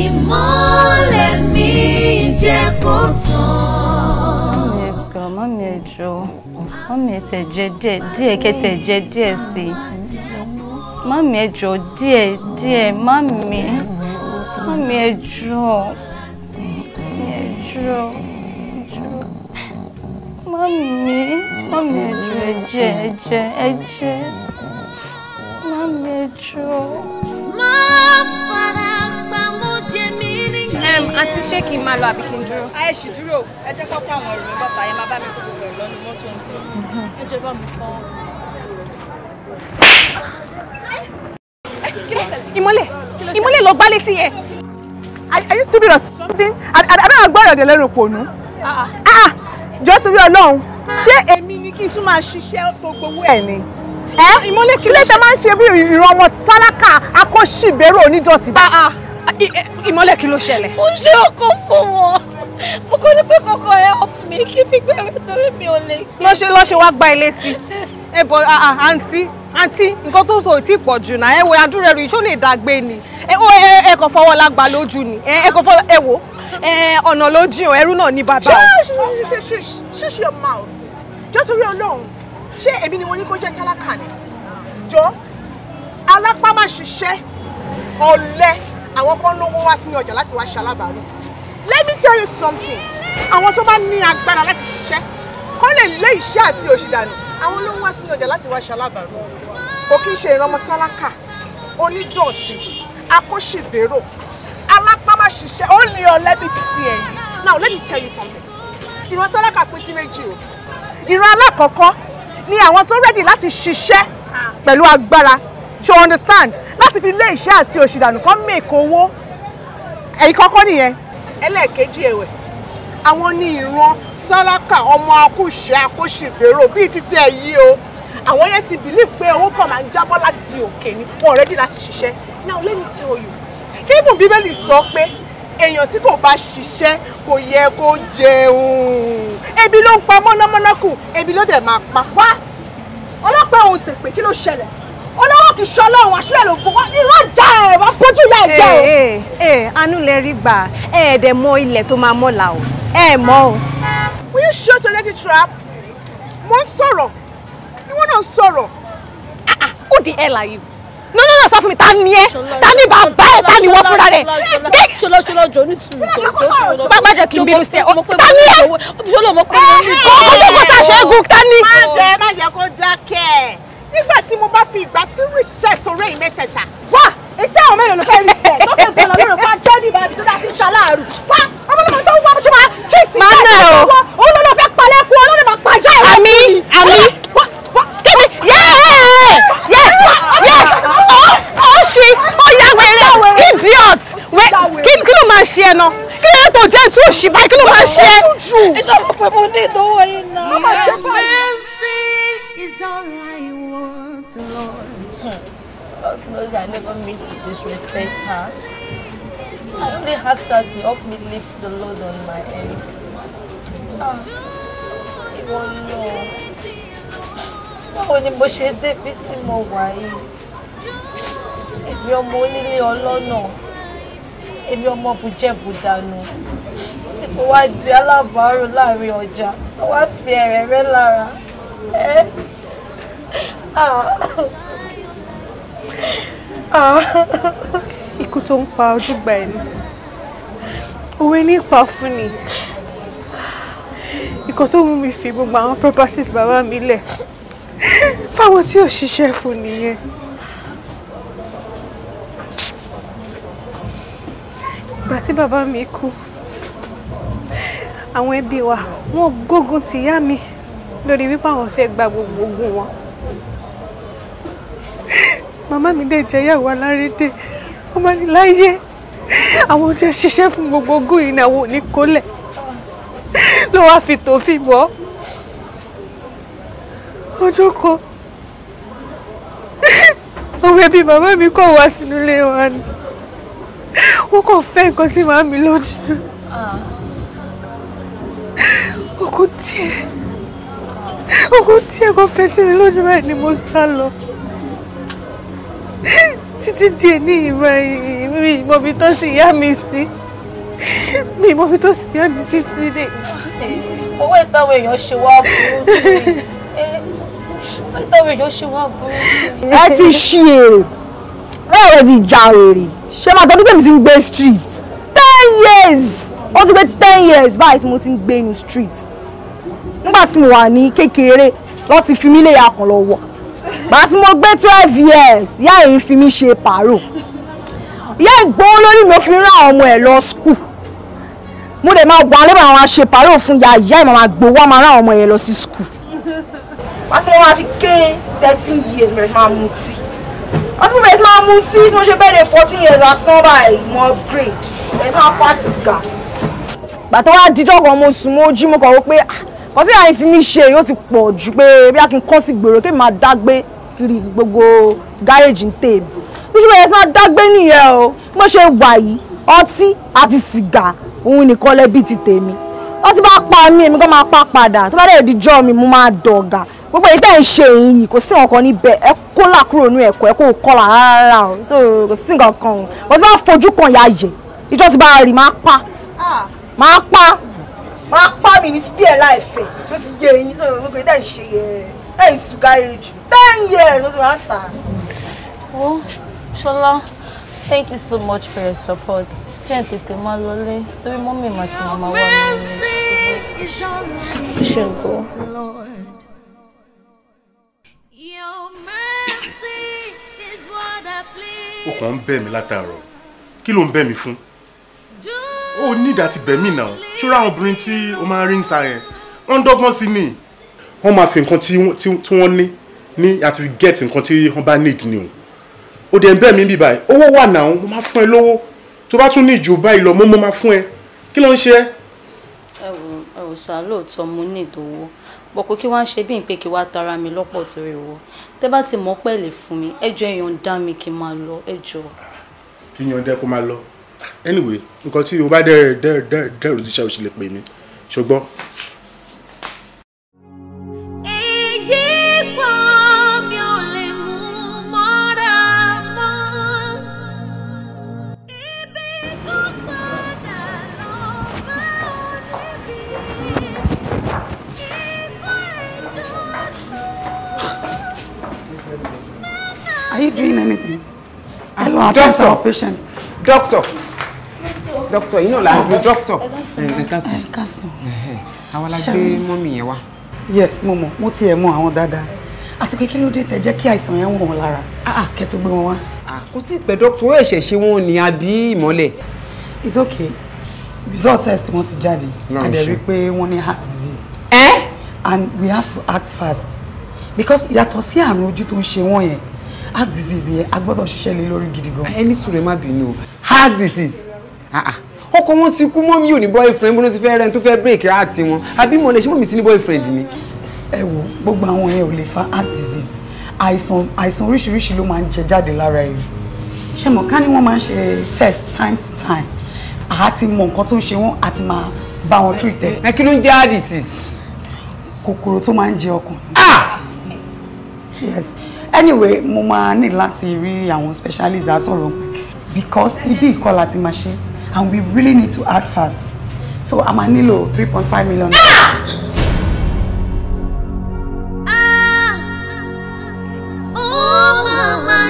ìmọ́lẹ̀ mi jẹ́ kó tàn. ẹ̀gbọ́n mọ́mí ẹ jọ̀ọ́ mọ́mí ẹ tẹ̀ jẹ díẹ̀ díẹ̀ kẹ́ tẹ̀ jẹ díẹ̀ sí i mọ́mí ẹ jọ̀ọ́ díẹ̀ díẹ̀ mọ́mí mọ́mí ẹ jọ̀ọ́ ẹ jọ̀ọ́ mọ́mí mọ́mí ẹ jọ̀ọ́ ẹ jẹ ẹ jẹ ẹ jẹ ẹjọ́. má fara pa mo jẹ mí níyì. àǹtí ṣé kí n máa lọ àbí kí n dúró. ẹ ṣì dúró ẹ jẹ́ kó pa àwọn ẹrù mi bàtà yẹn máa bá mi kó gbogbo ẹ̀rọ lọ́nu mọ́tò ń sìn. Mhm. ẹ jẹ́ bá mi kọ́ ìmọ́lẹ̀ ìmọ́lẹ̀ lọ gbá létí yẹn. are you stupid or something? àbẹ́rẹ́ àgbọ̀ ọ̀rọ̀ dẹ̀ lẹ́rù pònú. jọ́ torí ọlọ́run ṣé èmi ni kí n tún máa ṣiṣẹ́ tó gbowó ẹ̀ ni ẹ ìmọ̀lẹ́ kí ló tẹ máa ń ṣe bí ìran ọmọ tálákà akọ́ṣìbẹ̀rẹ̀ onídọ̀tí bá. ìmọ̀lẹ́ kí ló ṣẹlẹ̀. ó ṣe ọkọ fún wọn mo kọ́ ní pé kọ́kọ́ ẹ ọ̀pọ̀ mi kí fígbẹ́ rẹ torí mi ò lè gbé. lọ́ṣẹ́ lọ́ṣẹ́ wá gba ilé tí ẹ bọ̀ àǹtí àǹtí nǹkan tó sọ ò tí pọ̀ jù náà ẹ wo adúrẹ́rù iṣó lè dàgbé ni ẹ kò fọwọ́ lágbà lójú ni ẹ kò fọwọ́ ẹ wo ọ̀nà lójú ẹrú náà ní bàbá. ṣé ṣe ṣe ṣe ṣe your mouth jọ́torí ọlọ́run ṣé èmi ni mo ní kó jẹ́ tálákà ni jọ alápá má ṣiṣẹ́ ọ̀lẹ àwọn kan lówó wá sí ọjà láti wá alábàárù let me tell you something àwọn tó bá ní agbára láti ṣiṣẹ́ kọ́ lè lé iṣẹ́ àti òṣì dànù àwọn ló wá sí ọjà láti wá alábàárù kò kí ń ṣe ìrànmọ́ tálákà onídọ̀tí akóṣèbérò alápá má ṣiṣẹ́ ó lè ọ̀lẹ bíi títí ẹ̀yìn now let me tell you something ìran tálákà pín sí méjì o ìran alákọ̀ọ́kọ́ ni àwọn tó rẹ́dì láti ṣiṣẹ́ pẹ̀lú agbára ṣe understand láti fi lé iṣẹ́ àti òṣìdànù kan mèkó owó ẹ̀yìn kọ́kọ́ nìyẹn. ẹlẹ́ẹ̀kejì ẹ̀wẹ̀ àwọn ní ìran sálákà ọmọ akúṣe akóṣèbérò bíi títí ẹ yí o àwọn yẹn ti believe pé owó kan máa ń jábọ́ láti òkè ni wọn ò rẹ́dì láti ṣiṣẹ́ now let me tell you kí ibùn bíbélì sọ pé èèyàn tí kò bá ṣiṣẹ́ kò yẹ kó jẹun ebi ló ń pa mọ́nàmọ́ná kù ebi ló dẹ̀ máa pa. wá ọlọ́pàá òun tèpè kí ló ṣẹlẹ̀ olówó kì í ṣe ọlọ́run àṣírí ẹ̀ ló bọ́ irọ́ já ẹ̀ wá bójú ìyá ẹ̀ jẹ́ o. ẹ ẹ anú lè rí gbà ẹ ẹ dẹ̀ mọ ilẹ̀ tó máa mọ́la o ẹ mọ o. will you shut your dirty trap mo ń sọ̀rọ̀ ìwọ náà ń sọ̀rọ̀. Ah, ah, who the hell are you? no no no sọ fún mi ta ni ẹ ta ni bàbá ẹ ta ni wọ́n fúnra rẹ̀ ṣọlọ ṣọlọ jọ ní sùúrù bàbá jẹ kí n bínú sí ẹ ta ni ẹ ṣọlọ mo pé mo ní. kókó tó kọta ṣẹ́gun ta ni. má jẹ má jẹ kó dákẹ́ nígbà tí mo bá fi ìgbà tí research oré yìí mẹ́tẹ̀ẹ̀ta. wá etí àwọn mẹ́rin ló rí sẹ̀ lókè gbọ́dọ̀ lórí pa jẹ́ni ìbàdí tó dá sí ṣaláàrù. wá ọmọlọmọ tó wá bó máa ṣètì bẹ́ẹ̀ tó ṣe báyìí kí ló máa ṣe. ìjọba mo pé mo ní ìdánwò yìí náà. mo máa ṣe báyìí. It's all I want, Lord. God knows I never mean to disrespect her. I only asked her to help me lift the load on my head. Ah, ìwọ náà. Báwo ni mo ṣe débi tí mo wà yìí? Èmi ọmọ onílé ọlọ́nà. Èmi ọmọ bùjẹ́bùdànù ó wá di aláàbárò láàrin ọjà ó wá fi ẹ̀rẹ̀ rẹ̀ lára ẹ́ ah. Ah. ikú tó ń pa ojúgbà ẹni òwe ní ipa fún ni ikọ̀ tó mú mi fi gbogbo àwọn properties bàbá mi lẹ̀ fáwọn tí ò ṣiṣẹ́ fún nìyẹn. ìgbà tí bàbá mi kú àwọn ẹbí wa wọn gógun tìyá mi lórí wípé àwọn fẹ́ gba gbogbo ogun wọn màmá mi dẹ̀ jẹ́ ìyàwó alárédè ọmọ ní láyé àwọn tí ẹ ṣiṣẹ́ fún gbogbo ogún yìí náà wò ní kólẹ̀ ló wá fi tòfin bọ́ ọjọ́ kan àwọn ẹbí màmá mi kọ̀ wá sínú ilé wa ni wọ́n kàn fẹ́ nǹkan sí màmá mi lójú ọkọ díẹ̀ ọkọ díẹ̀ kan fẹsẹ̀ rìn lójú báyìí ni mo sá lọ títí díẹ̀ ní ìmọ̀ ìmọ̀bi tó sì yá mi sí mi ìmọ̀bi tó sì yá mi sí títí dé. owó ìtàwọn èèyàn ṣe wá burú owó ìtàwọn èèyàn ṣe wá burú. ẹ ti ṣí èrè e. báwo lè ti ja èrè ṣé máa tọ́jú tèmi ti ń gbé street ten years ó ti gbé ten years báyìí tí mo ti ń gbé inú street nígbà tí mo wà ní kékeré lọ́ ti fi mí lé akàn lọ wọ̀ gbà tí mo gbé twelve years ìyá yìí fi mí ṣe pàrọ̀ ìyá ìgbówó lórí mi ò fi rán àwọn ọmọ ẹ̀ lọ school mo dẹ̀ máa wà lẹ́bàá àwọn aṣe pàrọ̀ fún ìyá ìyá ìmọ̀ máa gbowó àmọ́ rán àwọn ọmọ ẹ̀ lọ sí school gbà tí mo máa fi ké thirteen years mo bẹ̀rẹ̀ sí máa mu tí gbà tí mo bẹ̀rẹ̀ sí máa mu tí tí mo ṣe bẹ́ẹ̀ de fourteen years lásán báyìí mo upgrade mo bẹ̀rẹ̀ sí máa fa sìgá gbà tó wá dijọ́ kan mo sùn mo jí mo kọ̀ wọ́n pé ah kò sí àyìn fi mí ṣe yóò ti pọ̀ jù pé bí a kì í kọ́ sí gbèrò kí n máa dágbé kiri gbogbo gáréèjì ń tèmi bí ṣùgbọ́n yẹn ti máa dágbé nìyẹn o bí mo ṣe wà yìí ọtí àti sìgá òun nìkan lẹ́bí ti tèmi ọtí bá pa mí èmi kan máa pa padà tó bá dẹ̀ dijọ́ mi mo máa dọ̀gà gbogbo èyí tẹ̀ ń ṣe yìí kò sí nǹkan níbẹ̀ ẹ kó là kúrò ní ẹ̀kọ́ ẹ kó kọlà rárá o so kò sí nǹkan kan o mo ti bá fojú kan yà yẹ ìjọ ti bá rí máa pa ah. máa pa máa pa mí ní spear láìfẹ́ ló ti yé eyín sọ̀rọ̀ gbogbo ẹ̀ ṣe yẹ ẹ̀ sùn gáre jù ten years ló ti máa ń tà. ó ṣọlá thank you so much for your support jẹ́ tètè máa lọlé torí mọ́mì mà ti máa wà nílé. ṣègùn. ó kàn ń bẹ̀ mí látàárọ̀ kí ló ń bẹ̀ mí fún? ó ní ìdá ti bẹ̀mí náà ṣọ́ra àwọn obìnrin tí ó máa ń rí níta yẹn wọ́n ń dọ́gbọ́n sí ni wọ́n máa fi nǹkan tí wọ́n ní ní àti get nǹkan tí wọ́n bá need ni o ó dẹ̀ ń bẹ̀ mí bí báyìí owó wà náà mo máa fún ẹ lówó tó bá tún ní ìjò báyìí lọ mo máa fún ẹ kí ló ń ṣe ẹ́. ẹ wò ẹ wò sá lóòótọ́ mo ní ìdòwò bọ̀ pé kí wọ́n ṣe bí ìpè kí wọ́n tara mi lọ́pọ̀ torí owó tẹ́ bá ti mọ̀ pẹ́ lè fún mi ẹjọ́ èèyàn mi kí n máa lọ ẹjọ́. kí yan kó máa lọ anyway nǹkan tí o bá dẹ̀ dẹ̀ dẹ̀ dẹ̀ ròjíṣẹ́ o ṣe lè pè mí ṣùgbọ́n Are you doing anything? I love doctor. our patients. Doctor, Doctor, you know, like the doctor, dókítà ẹ̀ka sàn ẹ̀ka sàn àwọn la gbé yẹn wá. yes mo mọ̀ mo tiẹ̀ mọ̀ àwọn dáadáa àti pé kí ló dé tẹ jẹ́ kí àìsàn yẹn wọ̀ wọ́n lára ah, ah, kẹ́ tó gbé wọn wá. Ah, kò tí ì pẹ́ doctor ó ẹ̀ṣẹ̀ ṣe wọn ni àbí ìmọ́lẹ̀. it's okay result test wọn ti jáde and dẹ̀ rí pé wọ́n ní heart disease. Eh? and we have to act fast because yàtọ̀ sí àrùn ojú tó ń ṣe wọ́n yẹn heart disease yẹn a gbọ́dọ̀ ṣiṣẹ́ lé lórí gidi gan. ẹni sùn rẹ̀ má bínú o heart disease ah ah ọkọ wọn ti kú mọ́ mi ò ní boyfriend bóná ti fẹ́ rẹ́ni tó fẹ́ break heart wọn àbí mo lè ṣe mọ́ mi sí ní boyfriend ni. ẹ wo gbogbo àwọn yẹn ò lè fa heart disease àìsàn àìsàn oríṣiríṣi ló máa ń jẹ jáde lára ẹ ṣe mọ̀ ká ní wọ́n máa ń ṣe test time to time àá ti mọ nǹkan tó ń ṣe wọ́n àti máa bá wọn treat ẹ. ẹ kí ló ń jẹ́ heart disease. kòkòrò tó máa ń jẹ ọkàn. ah yes anyway mo máa ní láti rí àwọn specialist àsọ̀rọ̀ because ibi ìkọlà ti máa ṣe é and we really need to act fast so a máa three point five million. Ah! Ah! Ah,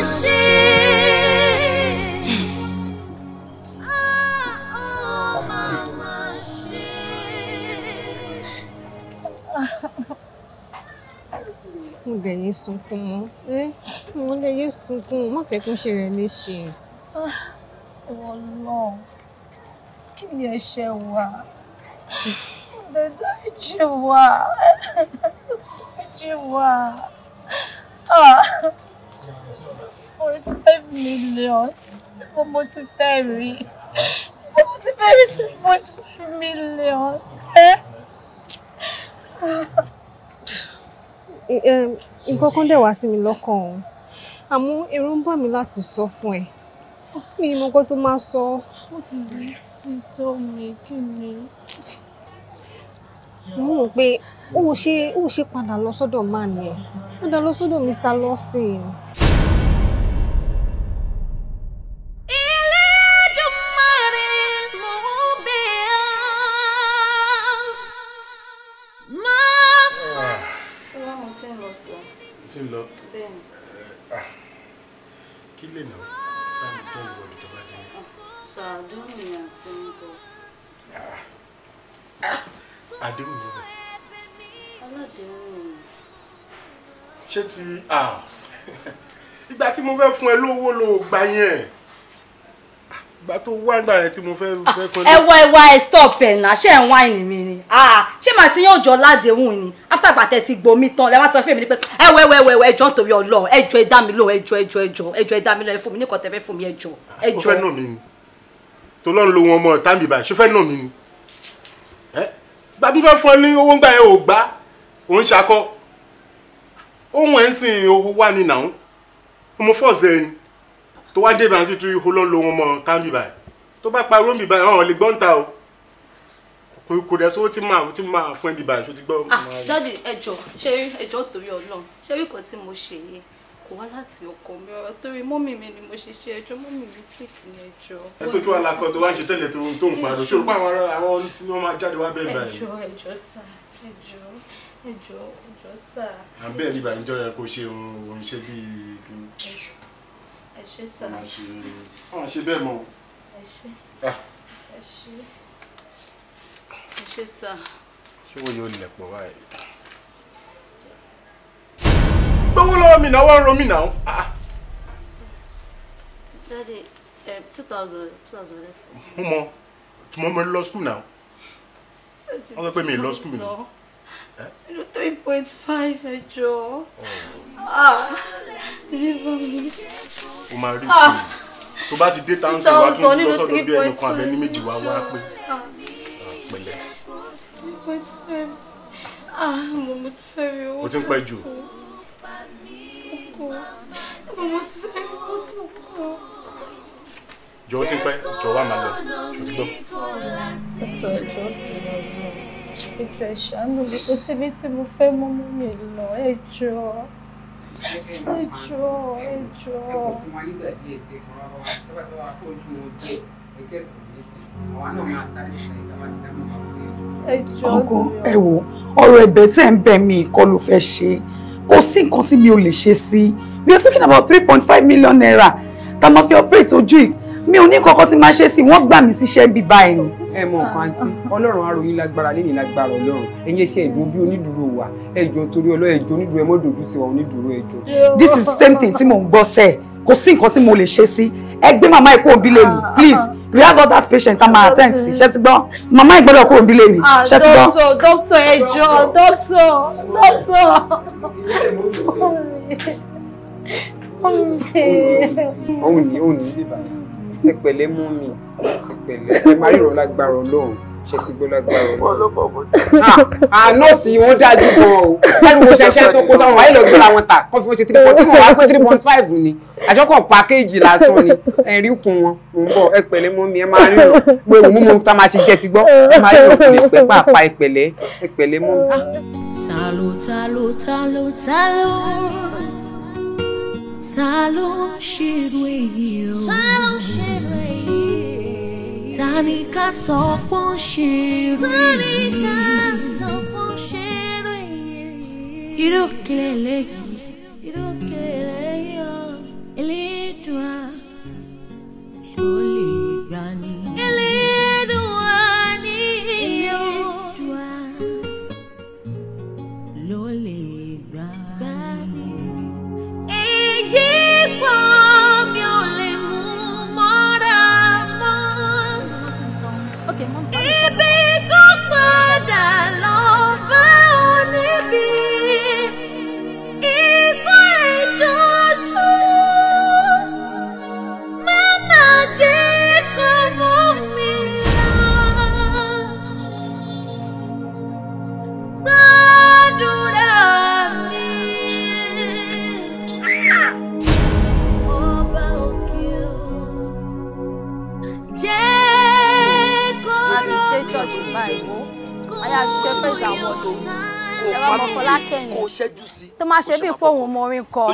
mo dẹ̀ yé sunkún mọ́ ẹ́ mo lè yé sunkún mo má fẹ́ kó ṣe rẹ̀ léṣe. ọlọ́run kí ni ẹ̀ṣẹ̀ wa dáríjì wa dáríjì wa ah. forty five million mo mo ti fẹ́ rí mo mo ti fẹ́ rí three point five million. nǹkan kan dẹ̀ wá sí mi lọ́kàn o àmọ́ èrò ń bà mí láti sọ fún ẹ mi ni mo gbọ́ tó máa sọ ó ti rí Please tell me kí ni. Mo rò pé ó ṣe ó ṣe padà lọ sọ́dọ̀ man yẹn. Padà lọ sọ́dọ̀ Mr. Lawson. Eh, ah. kí lè nà ó láti tọ́ ìwọ́de tó bá dé àdéhùn ni àti ń bọ̀. àdéhùn ló bẹ̀. aládéhùn. ṣé ti ah, ìgbà tí mo fẹ́ fún ẹ lówó lo gbà yẹn ìgbà tó wá gbà yẹn tí mo fẹ́ ah, fẹ́ fún ẹ. ẹ wá stop ẹ náà ṣé ẹ ń mi ni ah, ṣé màá ti yàn jọ ládéhùn ni after gbàtẹ ti gbomi tán lẹ wá sọ fún mi pé ẹ wẹ wẹ wẹ wẹ ẹjọ nítorí Ọlọ́run ẹjọ ẹ dá mi lóhùn ẹjọ ẹjọ ẹjọ ẹjọ ẹ dá mi lóhùn ẹ fún mi ní kọtẹ fẹ fún mi ẹjọ ẹjọ. ó fẹ́ nù mí ni tó lo wọn ọmọ ọ̀tá mi báyìí fẹ́ nà mí ni gbàdúrà fún ẹ ní owó gbà yẹn ò gbá ò ṣakọ ohun ẹ̀ owó wà ní nàún ọmọ fọ́ọ̀sì ẹni tó wá dé ìbánsì tó ihò lọ́n lo wọn ọmọ ọ̀tá mi tó bá parí omi báyìí ọ̀hún lè gbọ́n o kò kò dẹ̀ sówó tí máa tí máa fún ẹ bíbáyìí tó ti gbọ́. ah dádì ẹjọ ṣe ẹjọ torí Ọlọ́run ṣe wíkọ tí mo ṣe yìí kò wá láti ọkọ mi rárá torí mọ́mì mi ni mo ṣe ṣe ẹjọ́ mọ́mì mi sì kì í ẹjọ́. ẹ sọ kí wàá lakọ tó wá ń ṣe tẹ́lẹ̀ tó tó ń parọ́ ṣòro pa àwọn àwọn tí wọ́n máa jáde wá bẹ́ẹ̀ báyìí. ẹjọ́ ẹjọ́ sà ẹjọ́ ẹjọ́ ẹjọ́ sà. à ń bẹ́ẹ̀ ní ìbànújọ yẹn kò ṣe òun ṣe bíi. ẹ ṣe sà. wọn ṣe bẹ́ẹ̀ mọ́. ẹ ṣe ẹ ṣe sà. ṣé wọ́n yóò lẹ̀ pọ̀ báyìí lówó lọ́wọ́ mi náà wọ́n ro mi náà. Ah, ah. Daddy, eh, two thousand, two thousand. mo mọ tí mo mọ lọ school náà wọ́n sọ pé mi lọ school mi. three point five ẹjọ. Oh. Ah, o máa rí sí i tó bá ti dé táwọn sọ wá tún lọ sọ́dọ̀ bí ẹnu kan abẹ ní méjì wá wá pé pẹ̀lẹ́. mo ti fẹ́ rí owó. o ti ń pẹ́ jù kú mo ti fẹ́ mọ́tò kú. jọ ó ti pẹ́ jọ wá máa lọ jọ ti gbọ́. ètò ọjọ́ ìrọ̀lọ́ jo, ìṣàánú mi kò síbi tí mo fẹ́ mú mú mi lọ ẹ jọ ẹ jọ ẹ jọ. ẹ wo ọ̀rọ̀ ẹ̀bẹ̀ tẹ́ ń bẹ̀ mí kọ́ ló fẹ́ ṣe kò sí nǹkan tí mi ò lè ṣe sí we are talking about three point five million naira tá a máa fi operate ojú ìkọ́ mi ò ní kankan tí máa ṣe sí wọ́n gbà mí síṣẹ́ bí báyìí ni. ẹ mọ nǹkan àǹtí ọlọ́run aróyìn lágbára lẹ́yìn lágbára ọlọ́run ẹ̀yin ẹṣẹ́ ìdúró bí onídùúró wa ẹjọ́ torí ọlọ́ ẹjọ́ onídùúró ẹ mọ́dòdú tiwa onídùúró ẹjọ́. this is same thing tí mò ń gbọ́ sẹ́ẹ̀ kò sí nǹkan tí mo lè ṣe sí ẹ gbé màmá ẹ kúrò bílẹ̀ mi please we have all other patients a máa attend sí ṣe ti gbọ́ màmá ẹ gbọ́dọ̀ kúrò bílẹ̀ mi ah, ṣe ti gbọ́. doctor ẹjọ́ doctor doctor. òun ni òun ni bíbá ẹ pẹ̀lẹ́ mú mi ẹ pẹ̀lẹ́ ẹ má ríro lágbára Ọlọ́run ṣe ti gbó lágbára Ọlọ́run. wọn ló fọ bó dé. nọ́ọ̀sì wọn dájú gan o lẹ́nu mo ṣẹṣẹ́ tó kó sáwọn wáyé lọ gbé làwọn ta kó fi wọn ṣe three point one wá pé three point five ni àṣọkọ̀ pàkéjì lásán ni ẹ̀rí kun wọn mò ń bọ̀ ẹ pẹ̀lẹ́ mú mi ẹ má ríro pé òun mímu tá máa ṣiṣẹ́ ti gbọ́ ẹ má ríro kò ní pẹ́ pàápàá ẹ pẹ̀lẹ́ mú mi. Ah. ta ló ta ló ta ló ta ló. Salon chedwe yo Salon chedwe yo Tani ka so pon chedwe yo Tani ka so pon chedwe yo Iro kelele Iro kelele yo Ele dwa Ole gani Ele dwa ni yo Ele dwa Lole Okay, mom. Ibi kò padà lọ. tó kó ṣẹ́jú sí. tó máa ṣe bí fóun mọ orin kọ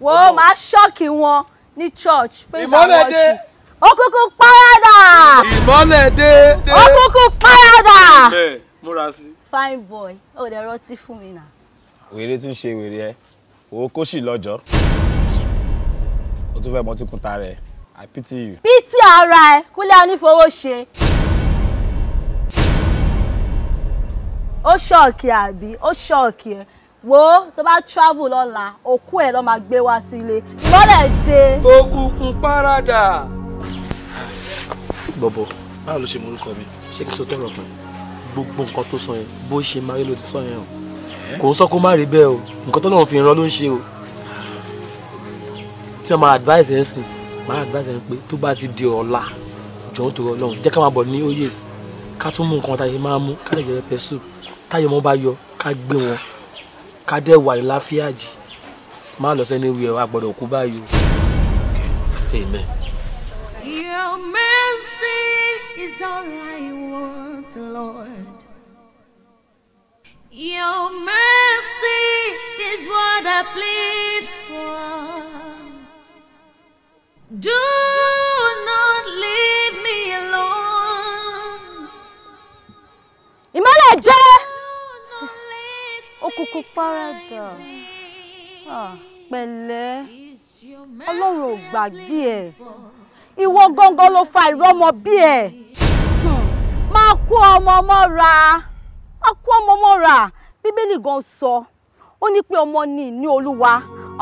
wo máa ṣọ́ọ̀kì wọn ní church pé ìmọ̀lẹ̀ dé òkùnkùn pàràdà ìmọ̀lẹ̀ dé òkùnkùn fine boy ó dẹ̀ rọtí fún mi náà. wèrè tí ń ṣe wèrè ẹ o kò sì lọ́jọ́ o tún fẹ́ mọtí kúta rẹ i pity you. pity ara ẹ kúlẹ̀ onífowó ṣe. ó ṣọ́ọ̀kì àbí ó ṣọ́ọ̀kì ẹ̀ wo tó bá travel lọ́la òkú ẹ̀ lọ́ máa gbé wá sílé ìmọ́lẹ̀ dé. òkùnkùn párádà. bọ̀bọ̀ báwo ló ṣe mú orúkọ mi ṣé kí n sọ tọrọ fún ẹ gbogbo nǹkan tó sọ yẹn bó ṣe máa rí ló ti sọ yẹn o kò ń sọ kó má rí bẹ́ẹ̀ o nǹkan tó lọ́wọ́ fi ràn ló ń ṣe o tí wọ́n máa advice ẹ̀ ń sìn máa advice ẹ̀ ń pé tó bá ti di ọ̀la jọ̀ọ́ tó rọ lọ́hùn jẹ́ ká máa bọ̀ ní oyè ká tún mú nǹkan tá a ṣe máa mú ká lè jẹ́ pẹ́ soup táyọ̀ mọ́ bá yọ ká gbé wọn ká dẹ̀ wà láfíàjì má lọ sẹ́ni wíwẹ̀ wá gbọ́dọ̀ kú báyìí o amen. Your mercy is all I want, Lord. Your mercy is what I plead for. Do not leave me alone. Ìmọ́lẹ̀ jẹ́ òkùnkùn párádà ah, pẹ̀lẹ́ ọlọ́run ò gbàgbé ẹ̀ ìwọ gángan ló fa ìrọ́mọ bí ẹ̀ hmm, máa kó ọmọ mọ́ra máa kó ọmọ mọ́ra bíbélì gan sọ ó ní pé ọmọ ni ìní olúwa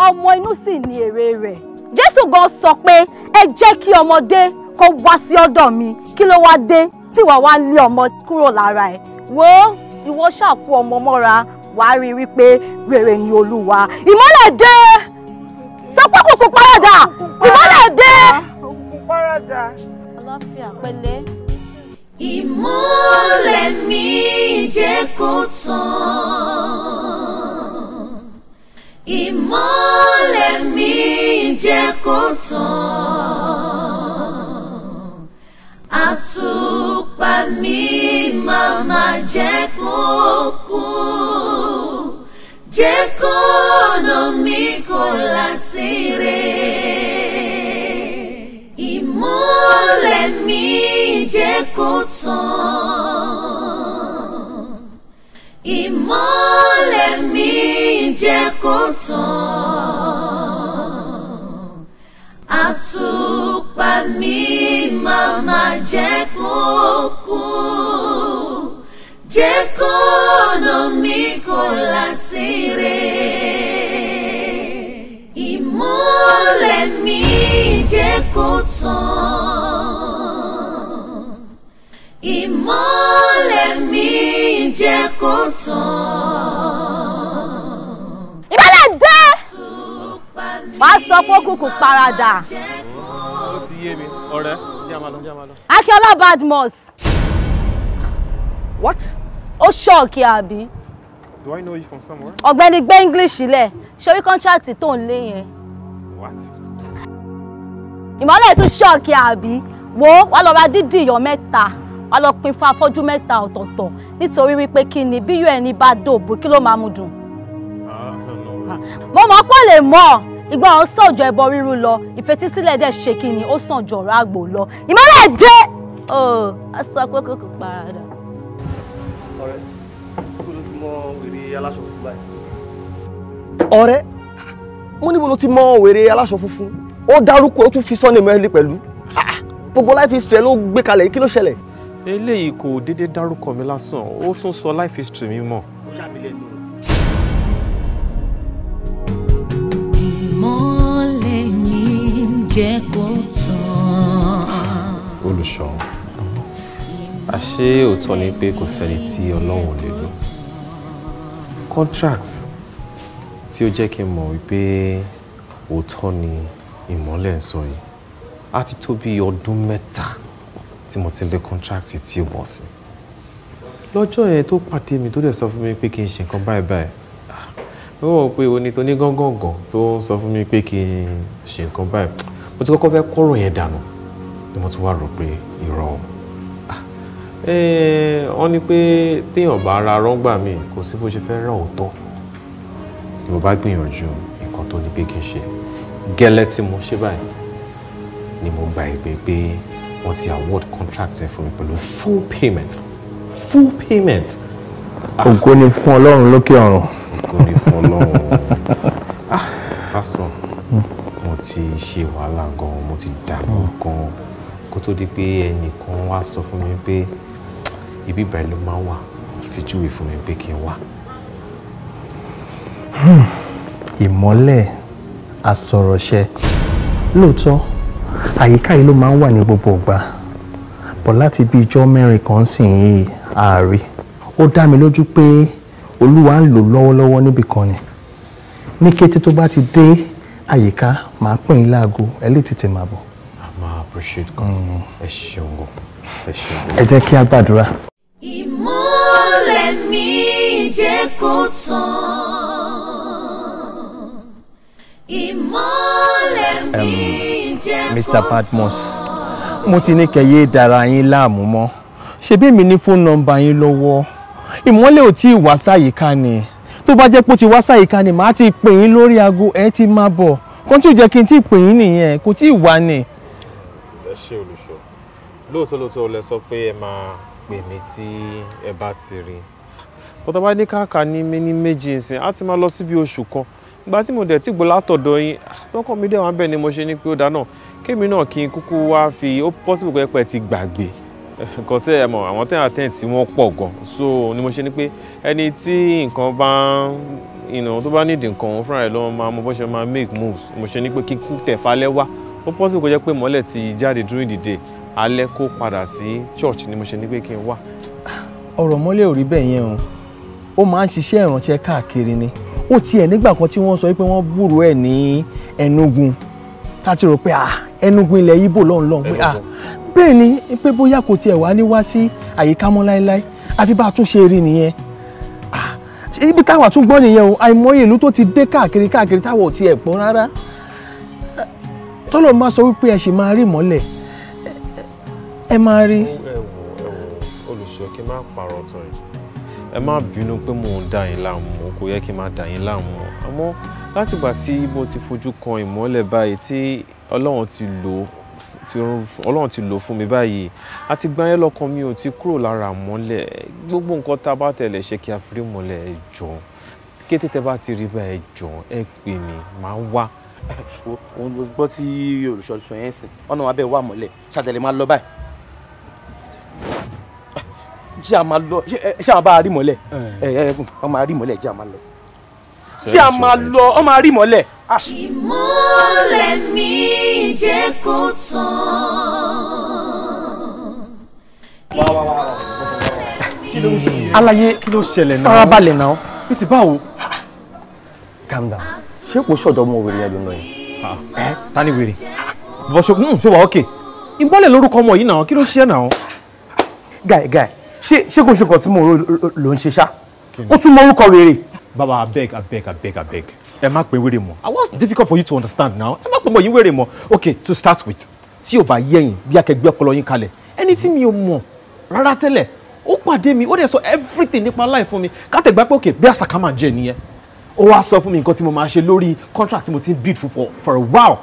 ọmọ inú sì ni èrè rẹ̀ jésù gan sọ pé ẹ jẹ́ kí ọmọdé kó wá sí ọ̀dọ̀ mi kí ló wá dé tí wàá wá lé ọmọ kúrò lára ẹ̀ wò ìwọ ṣàkó ọmọ mọ́ra wàá rí wípé rere ni olúwa ìmọ́lẹ̀ dé sọ pé kò kò parada ìmọ́lẹ̀ dé. ìmọ́lẹ̀ mi jẹ́ kó tàn ìmọ́lẹ̀ mi jẹ́ kó tàn. ìmọ̀lásíre ìmọ̀lẹ̀ mi jẹ́ kó tàn mi jẹ́ kó tàn àtùpà mi màmá jẹ́ kó kú jẹ́ kó ọ̀nà mi kó lásìrè. mọ́lẹ̀ mi jẹ́ kó tàn. Ìmọ́lẹ̀ mi jẹ́ kó tàn. Ìmọ́lẹ̀ dé. Wàá sọ pé kùkù paradà. Ó ti yé mi, ọ̀rẹ́, Akíọ́lá Badmus. What? Ó ṣọ́ọ̀kì àbí? Do I know you from somewhere? Ọ̀gbẹ́ni gbé English sílẹ̀, ṣorí kọ́ńtrátì tó ń lé yẹn what. ìmọ́lẹ̀ tún ṣọ́ọ̀kì àbí wo wàá lọ ra dídì ìyọ̀ mẹ́ta wàá lọ pin fún afọ́jú mẹ́ta ọ̀tọ̀ọ̀tọ̀ nítorí wípé kí ni bí yóò ẹni bá dòbò kí ló máa mú dùn. mo mọ̀ pọ̀ lè mọ̀ ìgbà ọ̀hún sànjọ ẹbọ ríru lọ ìfetísílẹ̀ dẹ̀ ṣe kí ni ó sànjọ ọ̀rọ̀ àgbò lọ ìmọ́lẹ̀ dé ó sọ pé kò kò parada. ọ̀rẹ́ kúrò ti mọ èrè aláṣọ òkú báyìí. ọ̀rẹ́ mo níbo ló ti mọ wèrè aláṣọ funfun ó dárúkọ ó tún fi sọ́ọ̀nì mẹ́lí pẹ̀lú ah, gbogbo life history ló gbé kalẹ̀ kí ló ṣẹlẹ̀. eléyìí kò déédéé dárúkọ mi lásán ó tún sọ life history mi mọ́. ìmọ̀lẹ̀ mi jẹ́ kó tán. olùṣọ́ àṣé òótọ́ ni pé kò sẹ́ni tí ọlọ́run ò lè lò contract tí ó jẹ́ kí n mọ̀ wípé òótọ́ ni ìmọ́lẹ̀ ń sọ yìí á ti tó bí ọdún mẹ́ta tí mo ti lé kọ́ńtrákìtì tí wọ̀ sí lọ́jọ́ yẹn tó pàdé mi tó dẹ̀ sọ fún mi pé kí n ṣe nǹkan báyìí báyìí mo ah, rò pé o ní tó ní gángangan tó sọ fún mi pé kí n ṣe nǹkan báyìí mo ti kọ́kọ́ fẹ́ kọ́rọ̀ yẹn dànù ni mo ti wá rò pé irọ́ o ah, eh, wọ́n ní pé téèyàn bá ara rọ́ngbà mi kò sí bó ṣe fẹ́ rán òótọ́ ni mo bá gbìyànjú nǹkan tó ní pé kí n ṣe gẹ́lẹ́ tí mo ṣe báyìí ni mo gba ìpè pé wọ́n ti award contract fún mi pẹ̀lú full payment full payment. Ah. ògo ni fún ọlọ́run lókè ọ̀run. ògo ni fún ọlọ́run ah, pásítọ̀ mo ti ṣe wàhálà gan-an mo ti dààmú hmm. gan-an kó tó di pé ẹnìkan wá sọ fún mi pé ibi ìbàlẹ̀ ló máa wà fìjúwe fún mi pé kí n wá. Hmm. ìmọ́lẹ̀ àsọ̀rọ̀ṣẹ lóòótọ́ àyíká yìí ló máa ń wà ní gbogbo ìgbà bọ̀ láti bí ijọ́ mẹ́rin kan sìn yìí ààrí ó dá mi lójú pé olúwa ń lò lọ́wọ́lọ́wọ́ níbì kan ni ní kété tó bá ti dé àyíká màá pè yín láago ẹ lè tètè máa bọ̀. a máa appreciate kan hmm. ẹ ṣeun ẹ ṣeun. ẹ jẹ́ kí a gbàdúrà. ìmọ́lẹ̀ mi jẹ́ kó tàn ìmọ́lẹ̀ Mr. Patmos mo ti ní kẹyẹ dára yín láàmú mọ́ ṣebí mi ní fóònù nọ́mbà yín lọ́wọ́ ìmọ́lẹ̀ ò tí ì wá sáyìíká ni tó bá jẹ́ pé ó ti wá sáyìíká ni màá ti pè yín lórí aago ẹ ti máa bọ̀ kan tí ò jẹ́ kí n tí pè yín nìyẹn kò tí ì wá ni. ẹ ṣe olùṣọ́ lóòótọ́ lóòótọ́ ó lẹ sọ pé ẹ máa pè mí tí ẹ bá ti rí i bọ́tà bá ní káàkà ní méní méjì ìsìn á ti máa lọ síbi oṣù kan ìgbà tí mo dẹ̀ tí gbọ́ látọ̀dọ̀ yín lọ́kàn mi dẹ̀ wá bẹ́ẹ̀ ni mo ṣe ní pé ó dáná kémi náà kí n kúkú wá fi ó possible pẹ́pẹ́ ti gbàgbé nǹkan tẹ́ ẹ mọ̀ àwọn tẹ́ àtẹ́ǹt tí wọ́n pọ̀ gan so ni mo ṣe ní pé ẹni tí nǹkan bá ìnà tó bá nídìí nǹkan òun fúnra rẹ̀ lọ́wọ́ máa mọ bó ṣe máa make moves mo ṣe ní pé kíkú tẹ̀ falẹ́ wá ó possible kó pé mọ́lẹ̀ ti jáde during the day alẹ́ kó padà sí church ni mo ṣe ní pé kí n wá. ọ̀rọ̀ mọ́lẹ̀ ò rí bẹ́ẹ̀ yẹn o ó máa ń ṣiṣẹ́ ìrànṣẹ́ káàkiri ni ó tiẹ̀ nígbà kan tí wọ́n sọ pé wọ́n búrò ẹ̀ ní ẹnugun láti rò pé ẹnugun ah, ilẹ̀ ibo lọ́nlọ́n pé ah, bẹ́ẹ̀ ni pé bóyá kò tiẹ̀ wá ní wá sí àyíká mọ́ láéláé àfi bá a tún ṣe rí nìyẹn ah, ibi táwa tún gbọ́ nìyẹn o àìmọye ìlú tó ti dé káàkiri káàkiri táwa ò tiẹ̀ gbọ́n rárá tọ́lọ̀ máa sọ wípé ẹ ṣì máa rí mọ́lẹ̀ ẹ máa rí. ẹ wò ẹ wò olùṣọ́ kí tán yìí ẹ má bínú pé mò ń dà yín láàmú kò yẹ kí n máa dà yín láàmú àmọ́ látìgbà tí mo ti fojú kan ìmọ́lẹ̀ báyìí tí ọlọ́run ti lò ọlọ́run ti lò fún mi báyìí àti gbáyé lọ́kàn mi ò ti kúrò lára mọ́lẹ̀ gbogbo nǹkan tá a bá tẹ̀lé ṣe kí a fi rí mọ́lẹ̀ ẹ jọ kété tẹ bá ti rí bá ẹ jọ ẹ pè mí máa wá. òun ló gbọ́ tí olùṣọ́ sọ yẹn sìn ọ̀nà abẹ́ wà mọ́lẹ̀ ṣàtẹ̀lẹ́ máa lọ báyìí ṣé a máa lọ ṣé a bá a rí mọ́lẹ̀ ẹ ẹ ọ máa rí mọ́lẹ̀ jẹ́ a máa lọ ṣé a máa lọ ọ máa rí mọ́lẹ̀. ìmọ́lẹ̀ mi jẹ́ kó tán. alaye kí ló ṣẹlẹ̀ náà farabalẹ̀ náà bí ti báwo. calm down ṣé kò ṣọ̀dọ̀ ọmọ òwe yẹn ló lọ yẹn. ta ni wèrè bọ́sọ̀ hmm, ṣé wàá ókè ìmọ́lẹ̀ lórúkọ ọmọ yìí náà kí ló ṣe é náà. guy guy ṣé ṣé kò ṣe kàn tí mo lò ń ṣe ṣá ó tún mọ orúkọ rere. baba abeg abeg abeg abeg ẹ má pè wèrè mọ́ i ah, was difficult for you to understand now ẹ má pè mọ yín wèrè mọ́ okay to start with tí ò bá yẹ̀yìn bí akẹgbẹ́ ọpọlọ yín kalẹ̀ ẹni tí mi ò mọ̀ rárá tẹ́lẹ̀ ó pàdé mi ó dẹ̀ sọ everything nípa life fún mi kátẹ̀gbá pé okay bí àṣàkámà jẹ́ nìyẹn ó wá sọ fún mi nǹkan tí mo máa ṣe lórí contract tí mo ti ń bid for for a while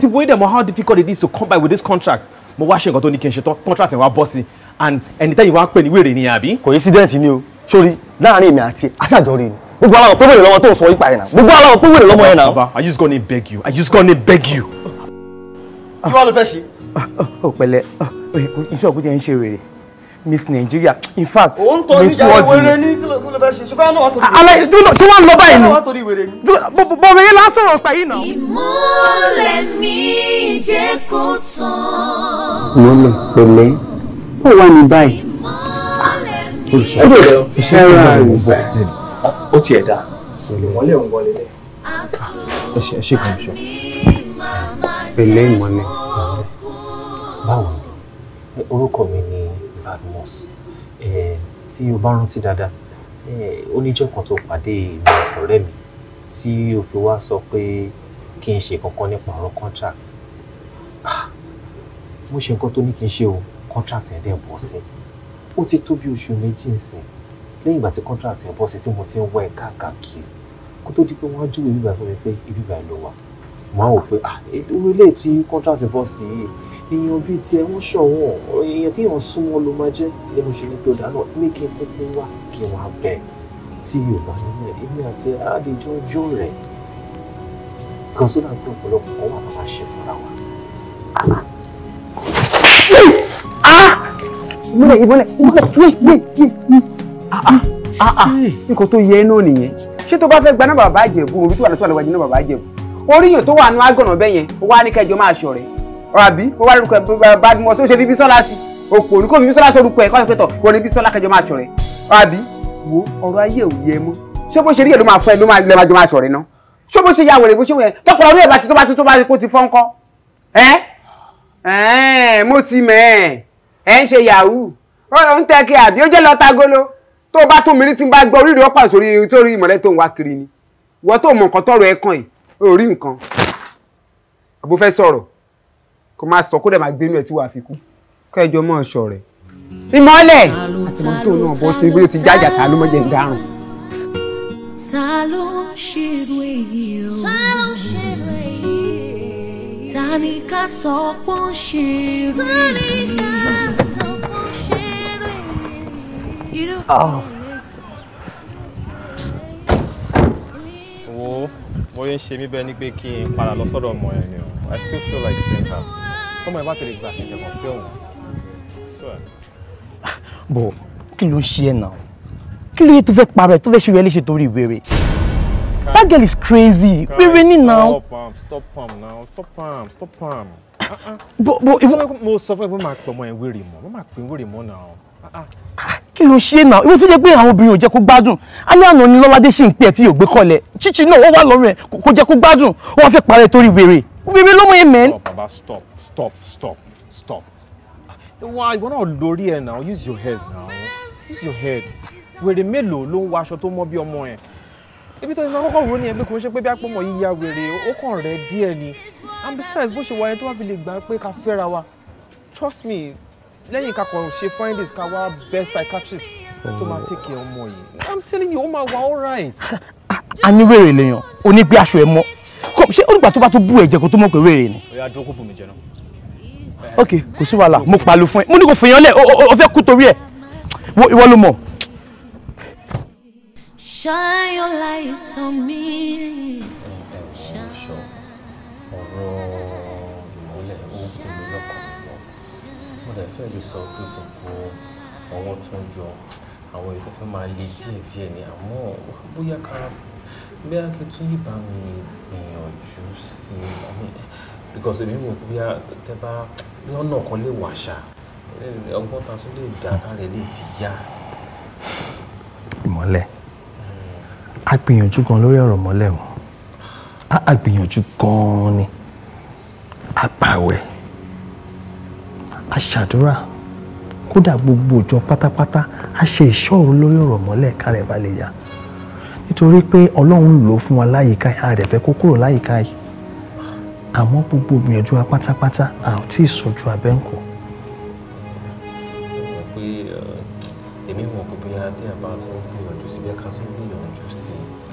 ti wo dẹ̀ mọ̀ how difficult it is to come by with this contract mo wá ṣe nǹkan tó ní kí n ṣe tán contract yẹn wá bọ́ sí i and ẹni tẹ́yìn wá pè ní wèrè ni àbí. kò incident ni o sórí láàrin èmi àti aṣáájọ rẹ ni gbogbo aláwọ̀ pé wèrè lọ́wọ́ tó ń sọ ipa yẹn na gbogbo aláwọ̀ pé wèrè lọ́mọ yẹn na. baba i just gonna beg you i just gonna beg you. kí wàá ló fẹ́ ṣe. ó pẹ̀lẹ́ iṣẹ́ òkúta yẹn ń ṣe wèrè miss nigeria in fact miss world ni. alaye ah, ah, ah, dúró ṣé wàá lọ báyìí ni bọ̀wé yẹn lásán ọ̀pá yìí náà. ìmọ̀lẹ̀ mi jẹ́ kó tán. ìmọ̀lẹ̀ pẹ̀lẹ́ ó wà ní báyìí. ó dè lọ iṣẹ́ rẹ̀ rà ní báyìí. ó tiẹ̀ dá ìmọ̀lẹ̀ ń wọlé lẹ̀. ẹ ṣe kàn ṣe. pẹ̀lẹ́ ìmọ̀lẹ̀. báwo ni orúkọ mi ni Badmus tí o bá rántí dáadáa oníjọ́ kan tó pàdé ìlú ọ̀rẹ́ mi tí o fi wá sọ pé kí n ṣe kankan nípa ọ̀rọ̀ contract ah, mo ṣe nǹkan tó ní kí n ṣe o contract ẹ̀ dẹ̀ bọ́ sí ó ti tó bí oṣù méjì nsìn lẹ́yìn ìgbà tí contract ẹ̀ bọ́ sí tí mo ti ń wá ẹ̀ káàkiri kó tó di pé wọ́n á júwe ibi ìbàfẹ́ mi pé ibi ìbà ló wà màá wò pé ah, irú ilé tí contract bọ́ sí yìí èèyàn bíi tiẹ̀ ń ṣọ̀wọ́n èèyàn tí èèyàn súnmọ́ ló máa jẹ́ ní mo ṣe ní pé ọ̀dà náà ní kí n pínpín wá kí n wá bẹ̀ tí yóò bá nínú ẹ̀ èmi àti àdéjọ́ jó rẹ̀ kan sódà pé ọ̀pọ̀lọpọ̀ wà máa ṣe fúnra wa. Ah, ìmọ̀lẹ̀ ìmọ̀lẹ̀ ìmọ̀lẹ̀ nǹkan tó yẹ náà nìyẹn ṣé tó bá fẹ́ gba náà bàbá àjẹ̀bù orí tó wà lọ́sọ̀rọ̀ wájú náà bàbá àjẹ̀bù oríyìn tó wà ní àgànà bẹ́ẹ̀ yẹn ó wá ní kẹjọ máa ṣọ̀rẹ́ ọ̀ràbí ó wá lórúkọ Badmus o ṣe fi Bísọ́lá sí òpò ní kò fi Bísọ́lá sórúkọ ẹ̀ kọ́sọ̀ pẹ̀tọ̀ wọ́n ní Bísọ́lá kẹjọ máa ṣọ̀rẹ́ ọ̀ràbí wo ọ̀rọ̀ ayé ò yẹ mọ́ ṣé bó ṣe rí yẹn ló máa fọ ẹ ló máa lẹ́ẹ̀ma jọ máa ṣọ̀rẹ́ náà ṣé bó ṣe yà wèrè bó ṣe wẹ̀ tọkọ̀rọ̀ orí ẹ̀ bá ti tó bá ti tó bá ti kó ti fọ́nkọ́ ẹ́ mo ti mọ̀ ẹ́ ń ṣe yahoo ó ń tẹ́ kí àbí ó jẹ́ lọ́ta golo tó o bá tún mi ní tí n bá gbọ́ orí rẹ̀ ó pàṣẹ orí tó rí ìmọ̀lẹ́ tó ń wá kiri ni wọ́n tó mọ̀ nǹkan tọrọ ẹ̀ kàn yìí ó rí nǹkan àbó fẹ́ sọ̀rọ̀ kó máa sọ kó dẹ̀ máa gbénu ẹ̀ tí wàá fi kú kó ẹjọ́ mọ́ ọ̀ṣọ́ rẹ̀ ìmọ̀lẹ̀ àtìmọ́ tó náà bọ́ sí bóyá ti jájà ta ló mọ̀jẹ̀ ń ta ló ṣèrú èyí o ta ló ṣèrú èyí o tani ká sọ pé ń ṣe rú irú ah. wo bóyá ń ṣe mí bẹ́ẹ̀ ni I still feel like seeing her tọ́mọ ẹ bá ti lè gba ẹ̀jẹ̀ kan fẹ́ òun bọ̀ kí ló ń ṣe ẹ̀ náà kí That girl is crazy. Guys, Rere now. Stop am now. Stop am. Stop am. Uh-uh. But but ìwọ mo sọ fún ẹ pé máa pè ọmọ ẹ wèrè mọ́. Mo máa pè wèrè now. Uh-uh. Kí ló ṣe náà? now. tó jẹ́ pé àwọn obìnrin ò jẹ́ kó gbádùn. Alẹ́ àná ni Lọ́ládé ṣì ń pè ẹ́ tí yóò gbé Chichi no, ó wà lọ́rùn ẹ̀ kó jẹ́ kó gbádùn. Wọ́n fẹ́ parẹ́ torí wèrè. Wèrè ló mọ èèmẹ́. Stop baba stop stop stop stop. Why ìwọ náà lórí ẹ̀ now use your head now use your head. Wèrè the ló lo. wọ aṣọ tó mọ́ bí ọmọ ibi tó ti máa kọ́kọ́ wò ní ẹgbẹ́ kò ṣe pé bí apọ́mọ yìí ya wèrè ó kàn rẹ̀ díẹ̀ ni and besides bó ṣe wáyé tó wá fi lè gbà pé ká fẹ́ra wa trust me lẹ́yìn ká kàn ṣe findings ká wá best psychiatrist tó máa take ọmọ yìí i'm telling you ó máa wà right. a ní wèrè lèèyàn o ní gbé aṣọ ẹ mọ ṣé olùgbà tó bá tó bú ẹ̀jẹ̀ kó tó mọ̀ pé wèrè ni. ó yá dúró kó bù mí ok kò sí wàhálà mo pàlù fún ẹ mo ní kò fèèyàn lẹ o fẹ́ kú torí ẹ ìwọ ló mọ̀. Shine your light on me. ọ̀rọ̀ ìmọ́lẹ̀ ogun mi lọ́kọ̀ọ̀kan mo dẹ̀ fẹ́ lè sọ pé gbogbo àwọn tó ń jọ àwọn ètò fẹ́ máa le díẹ̀ díẹ̀ ni àmọ́ bóyá ká bí a kì í tún yìí bá mi gbìyànjú sí i because èmi mọ̀ pé bóyá tẹ́ bá lọ́nà kan lè wà ọgbọ́n ta tún lè dá tá lè lè fi yá. ìmọ́lẹ̀ a gbìyànjú gan lórí ọ̀rọ̀ mọ́lẹ̀ o a gbìyànjú gan ni a gbàwẹ̀ a ṣàdúrà kódà gbogbo ìjọ pátápátá a ṣe ìṣọ́ru lórí ọ̀rọ̀ mọ́lẹ̀ kárẹ̀ bá lè yá nítorí pé ọlọ́run lò fún wa láyìíká a rẹ̀ fẹ́ kó kúrò láyìíká yìí àmọ́ gbogbo ìgbìyànjú wa pátápátá a ò tí ì abẹ́ǹkọ́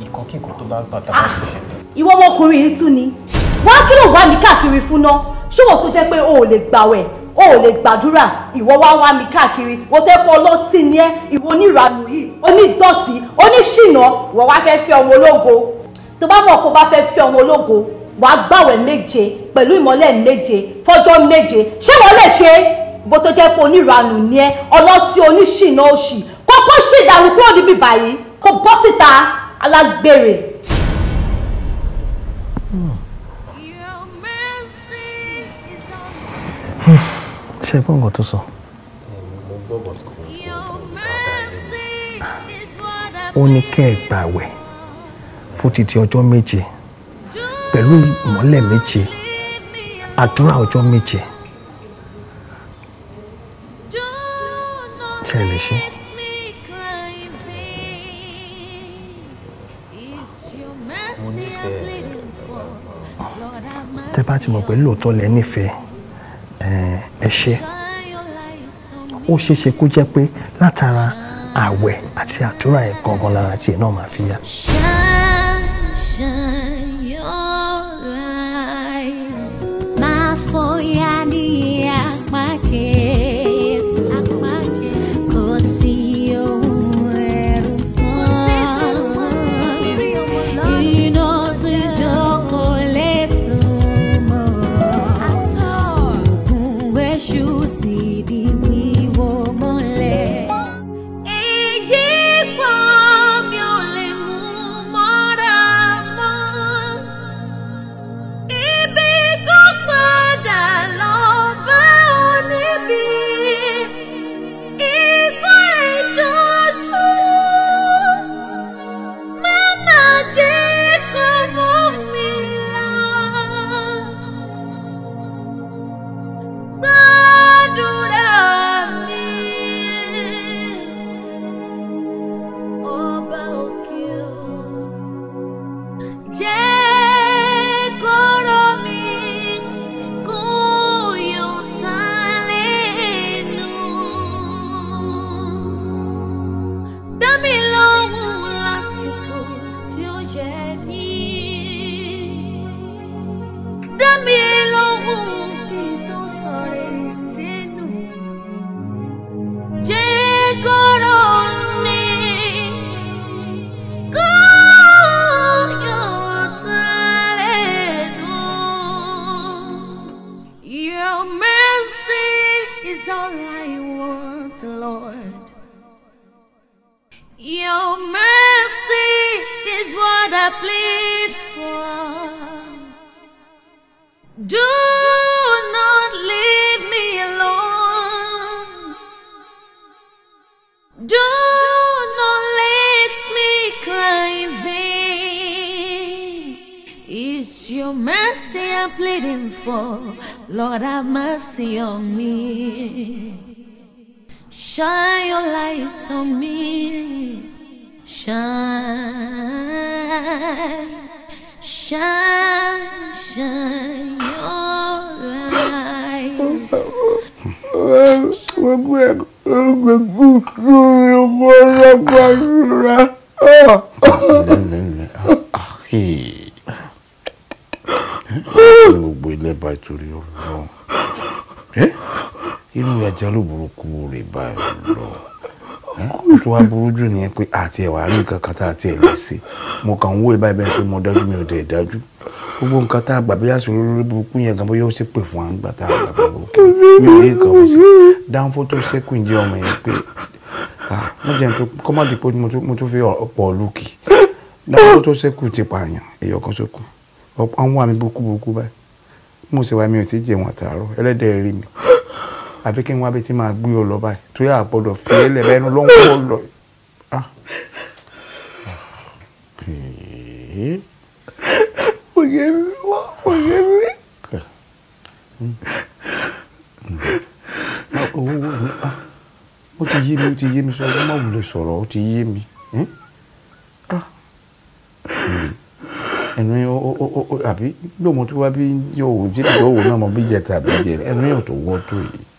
ìkọkíkọ tó bá ń pàtàkì láti ṣe. ìwọ ọmọkùnrin yìí tún ni wá kí ló wá mi káàkiri fún ná ṣòwò tó jẹ́ pé o ò lè gbàwẹ̀ o ò lè gbàdúrà ìwọ wá wá mi káàkiri wo tẹ́ pọ̀ ọlọ́tì ni ẹ́ ìwọ oníranù yìí onídọ̀tí oníṣìnà wọ́n wá fẹ́ fẹ́ ọmọ ológo tó bá mọ̀ kó bá fẹ́ fẹ́ ọmọ ológo wàá gbàwẹ̀ méje pẹ̀lú ìmọ́lẹ̀ méje fọ́jọ́ méje ṣé wọ́n lè ṣe bó tó jẹ́ pé oníranù ni ẹ́ ọlọ́tí oníṣìnà òṣì kókó ṣèdàrú kúrò níbi báyìí kó bọ́ síta alágbèrè. ṣe gbọ́ nǹkan tó sọ. ó ní kẹ́ ẹ gbààwẹ̀ fún títí ọjọ́ méje pẹ̀lú ìmọ́lẹ̀ méje àdúrà ọjọ́ méje. ṣe lè ṣe. tẹ́ bá ti mọ̀ pé lóòótọ́ lẹ nífẹ̀ẹ́ ẹ ṣe ó ṣeé ṣe kó jẹ́ pé látara àwẹ̀ àti àdúrà ẹ̀ gangan lára tiẹ̀ náà máa fi yá. tó wá burú jù nìyẹn pé àti ẹ̀wà rí nǹkan kan tá àti ẹ̀ lọ sí mo kàn ń wò báyìí báyìí pé mo dájú mi ò dẹ̀ dájú gbogbo nǹkan tá a gbà bí àṣírí olórí burúkú yẹn gan bóyá ó ṣe pè fún wa tá a gbà bá burúkú mi ò rí nǹkan fún sí dáńfó tó ṣẹ́kù ń jẹ́ ọmọ yẹn pé mo jẹ́ kọ́ má dìpọ́ mo tún fi ọ̀pọ̀ lókì dáńfó tó ṣẹ́kù ti pààyàn èyí ọkàn ṣẹ́kù àwọn wà burúkú burúkú báyìí mo ṣe wá mi ò tí ì jẹun àtàárọ̀ ẹlẹ́dẹ̀ẹ́ rí mi àfi kí n wá bí ti máa gbé ọ lọ báyìí tó yà gbọ́dọ̀ fi ẹ lẹ bẹnu ló ń kọ lọ. Ah. òye mi wá òye mi. ó ti yé mi ó ti yé mi sọ̀rọ̀ má wulẹ̀ sọ̀rọ̀ ó ti yé mi. Ah. ẹnu àbí gbọ̀ngàn tó wá bí yóò wò náà mọ̀ bí jẹ tàbí jẹ ẹnu yóò tó wọ́ tó yìí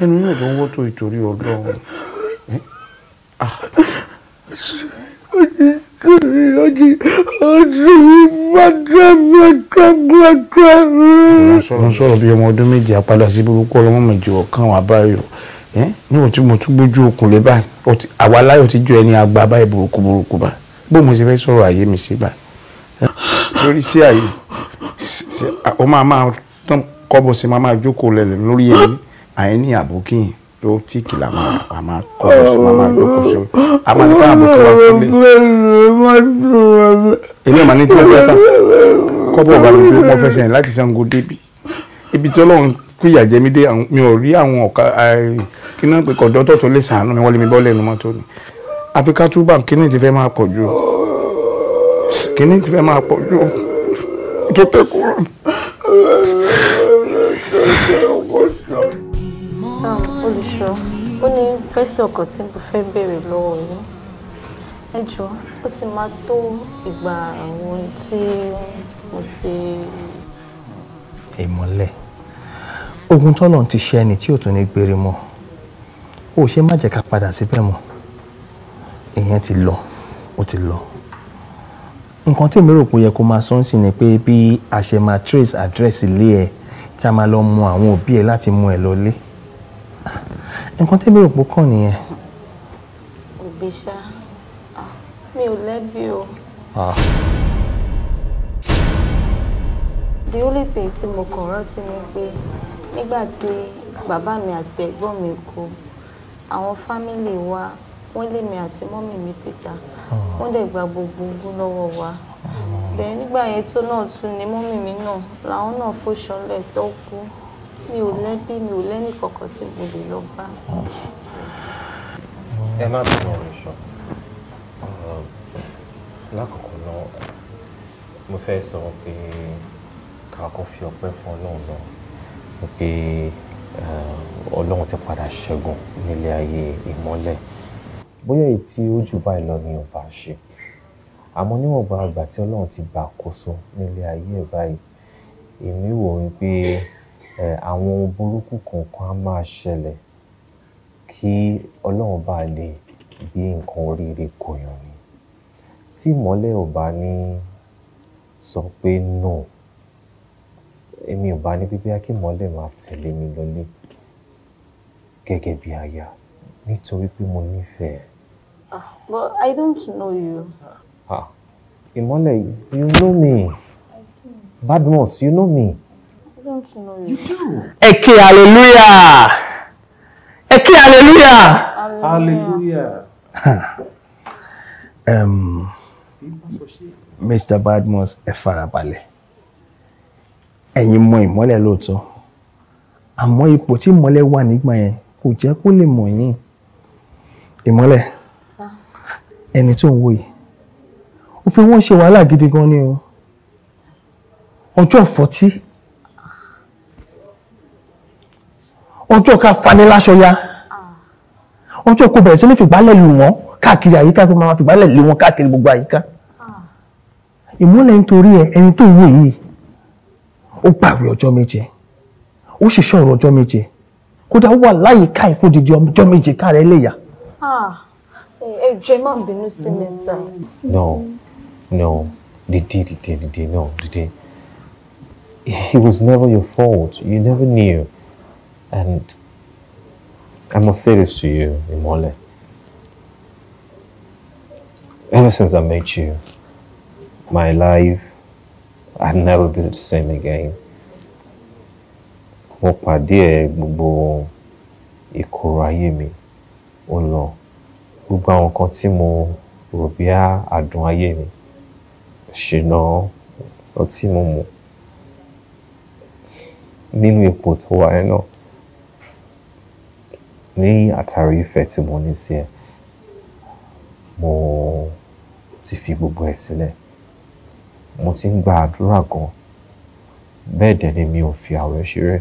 ẹnu yóò tó ń wọ́tò ìtòrí ọlọ́run kiri oji ojú gbàgbàgbàgbà. mo sọ̀rọ̀ bí ọmọ ọdún méje àpadà sí burúkú ọlọ́mọ méje ọ̀kan wà báyìí o níwọ̀n tí mo tún gbójú okùn lé báyìí àwa láyò ti jó ẹni àgbà báyìí burúkú burúkú bá bó mo ṣe fẹ́ sọ̀rọ̀ àyè mi sí báyìí. lórí sí àyè ó máa máa tán kọ́bọ̀ sí máa máa jókòó lẹ̀lẹ̀ lórí ẹni àìní àbókì ló tí kìlà máa máa kọ́ ọ máa lóko ṣe àmàlíkà àbókì wà kúlé. èmi àmàlí tí wọ́n fẹ́ ta kọ́bọ̀ ọ̀gá lójú wọ́n fẹ́ sẹ́yìn láti Ṣàngó débi ibi tí Ọlọ́run fìyà jẹ mí dé mi ò rí àwọn ọ̀ka kí náà pé kọ̀dọ́tọ̀ tó lè sàánú mi wọ́n lé mi bọ́ lẹ́nu mọ́tò ni àfi ká túbà kíní ti fẹ́ máa pọ̀ jù kíní ti fẹ́ máa pọ̀ jù tó tẹ́ olùṣọ́ ó ní pẹ́sítọ̀ ọkọ̀ tí mo fẹ́ bẹ̀rẹ̀ lọ́wọ́ yín ẹ jọ ó ti máa tó ìgbà àwọn tí mo ti. ìmọ̀lẹ̀ ogun tọ́lọ̀ ti ṣe ẹni tí ò tún ní gbére mọ́ ó ṣe má jẹ́ ká padà síbẹ̀ mọ́ ìyẹn ti lọ ó ti lọ nǹkan tí mi rò pé yẹ kó máa sọ́n sí ni pé bí a ṣe máa trace address ilé ẹ tí a máa lọ mú àwọn òbí ẹ láti mú ẹ lọ nǹkan tẹ́bí òpó kàn nìyẹn. òbí ṣá mi ò lẹ́bi o. the only thing tí mo kàn rántí ni pé nígbà tí bàbá mi àti ẹ̀gbọ́n mi kú àwọn fámìlì wa wọ́n lé mi àti mọ́mì mi síta hmm. wọ́n dẹ̀ gba gbogbo ogún lọ́wọ́ wa dẹ̀ hmm. nígbà yẹn tó náà tún ni mọ́mì mi náà làwọn náà fò ṣọlẹ̀ tó kú mi ò lẹ́bí mi ò lẹ́ni kankan tí mo lè lọ bá. ẹ má bẹ̀rẹ̀ ọ̀rọ̀ sọ lákòókò náà mo fẹ́ sọ pé kàkọ́ fi ọpẹ́ fún ọlọ́run náà pé eh, ọlọ́run ti padà ṣẹ́gun nílé ayé ìmọ́lẹ̀ bóyá èyí tí ó jù báyìí lọ ni ọba ṣe àmọ́ níwọ̀nba àgbà tí ọlọ́run ti gbà kóso nílé ayé ẹ̀ báyìí èmi wò ó àwọn burúkú kọ̀ọ̀kan á máa ṣẹlẹ̀ kí Ọlọ́run bá lè gbé nǹkan oríire kò ni. Tí ìmọ́lẹ̀ ò bá ní sọ pé no, èmi ò bá ní pé kí ìmọ́lẹ̀ máa tẹ̀lé mi lọlé gẹ́gẹ́ bí aya nítorí pé mo nífẹ̀ẹ́. Ah, but I don't know you. Ah, ìmọ́lẹ̀, you know me. Badmus, you know me don't know you. You do. Eke hallelujah. Eke hallelujah. Hallelujah. um, Mr. Badmus, ẹ farabalẹ̀. Ẹ̀yin mọ ìmọ́lẹ̀ lóòótọ́. Àmọ́ ipò tí ìmọ́lẹ̀ wà nígbà yẹn kò jẹ́ kó lè mọ̀ yín. Ìmọ́lẹ̀. Ẹni tó ń wò yìí. Ó fi wọ́n ṣe wàhálà gidi gan ni o. Ọjọ́ fọ́tí. ọjọ́ ká fani láṣọ ya ọjọ́ kò bẹ̀rẹ̀ sí ní fìgbálẹ̀ lù wọ́n káàkiri àyíká kó máa fìgbálẹ̀ lé wọn káàkiri gbogbo àyíká ìmúlẹ̀ nítorí ẹ ẹni tó wù yìí ó gbàwé ọjọ́ méje ó sì ṣọ̀rọ̀ ọjọ́ méje kódà ó wà láyé ká ìfòdìdì ọjọ́ méje káàrẹ́ lè yá. ẹ jẹ́ má bínú sí mi sọ. no no dìde dìde dìde no dìde it was never your fault you never knew. And I must say this to you, Imole. Ever since I met you, my life had never been the same again. Mo pàdé ẹ gbogbo ìkorò ayé mi, ó lọ. Gbogbo àwọn nǹkan tí mo rò bí àdùn ayé mi, ṣìnà ọtí mo mú nínú ipò tó wà ẹ náà ní àtàrí ìfẹ́ tí mo ní sí ẹ mo ti fi gbogbo ẹ̀ sílẹ̀ mo ti ń gba àdúrà gan bẹ́ẹ̀ dẹ̀ ni mi ò fi àwẹ̀ ṣeré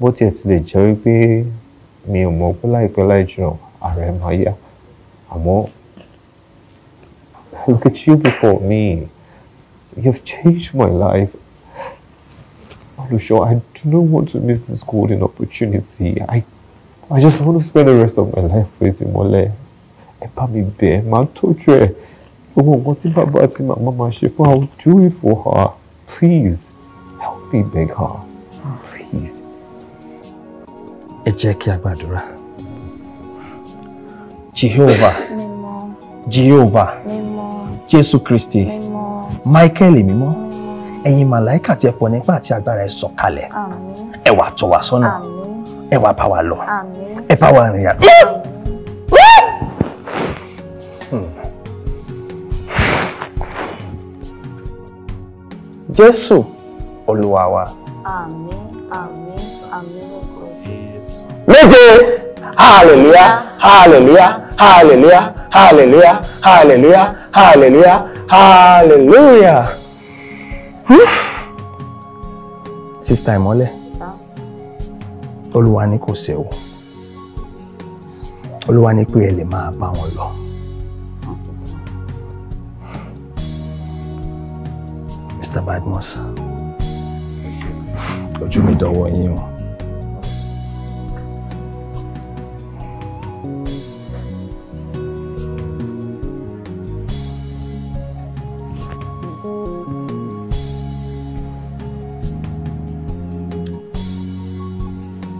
bó tiẹ̀ ti lè jẹ́ wípé mi ò mọ̀ pé láìpẹ́ láì jìnnà ara ẹ̀ máa yá àmọ́ look at you before me you've changed my life Olusho I do not want to miss this golden opportunity I I just want to spend the rest of my life with him, Ẹ bá mi bẹ̀ ẹ́, màá tọ́jú ẹ̀. Gbogbo nǹkan tí bàbá àti màmá máa ṣe fún her, do it for her. Please help me beg her. Please. Ẹ jẹ́ kí a gbàdúrà. Jehovah. Jehovah. Jésù Kristi. Michael mímọ́. Ẹ̀yin màláìkà tí ẹ pọ̀ nípa àti agbára ẹ sọ̀kalẹ̀. Ẹ wá tọ́ sọ́nà. Àmín ẹ power bá wa lọ ẹ bá wa rìnrìn àjò. Hmm. jésù olúwa wa. àmín àmín àmín lóko. méje hallelujah hallelujah hallelujah hallelujah hallelujah hallelujah hallelujah. Hmm. sista ìmọ́lẹ̀ olúwa ní kò sẹ́wọ̀ olúwa ní pé ẹ lè máa bá wọn lọ. Mr. Badmus ojú mi dọ̀wọ́ yín o.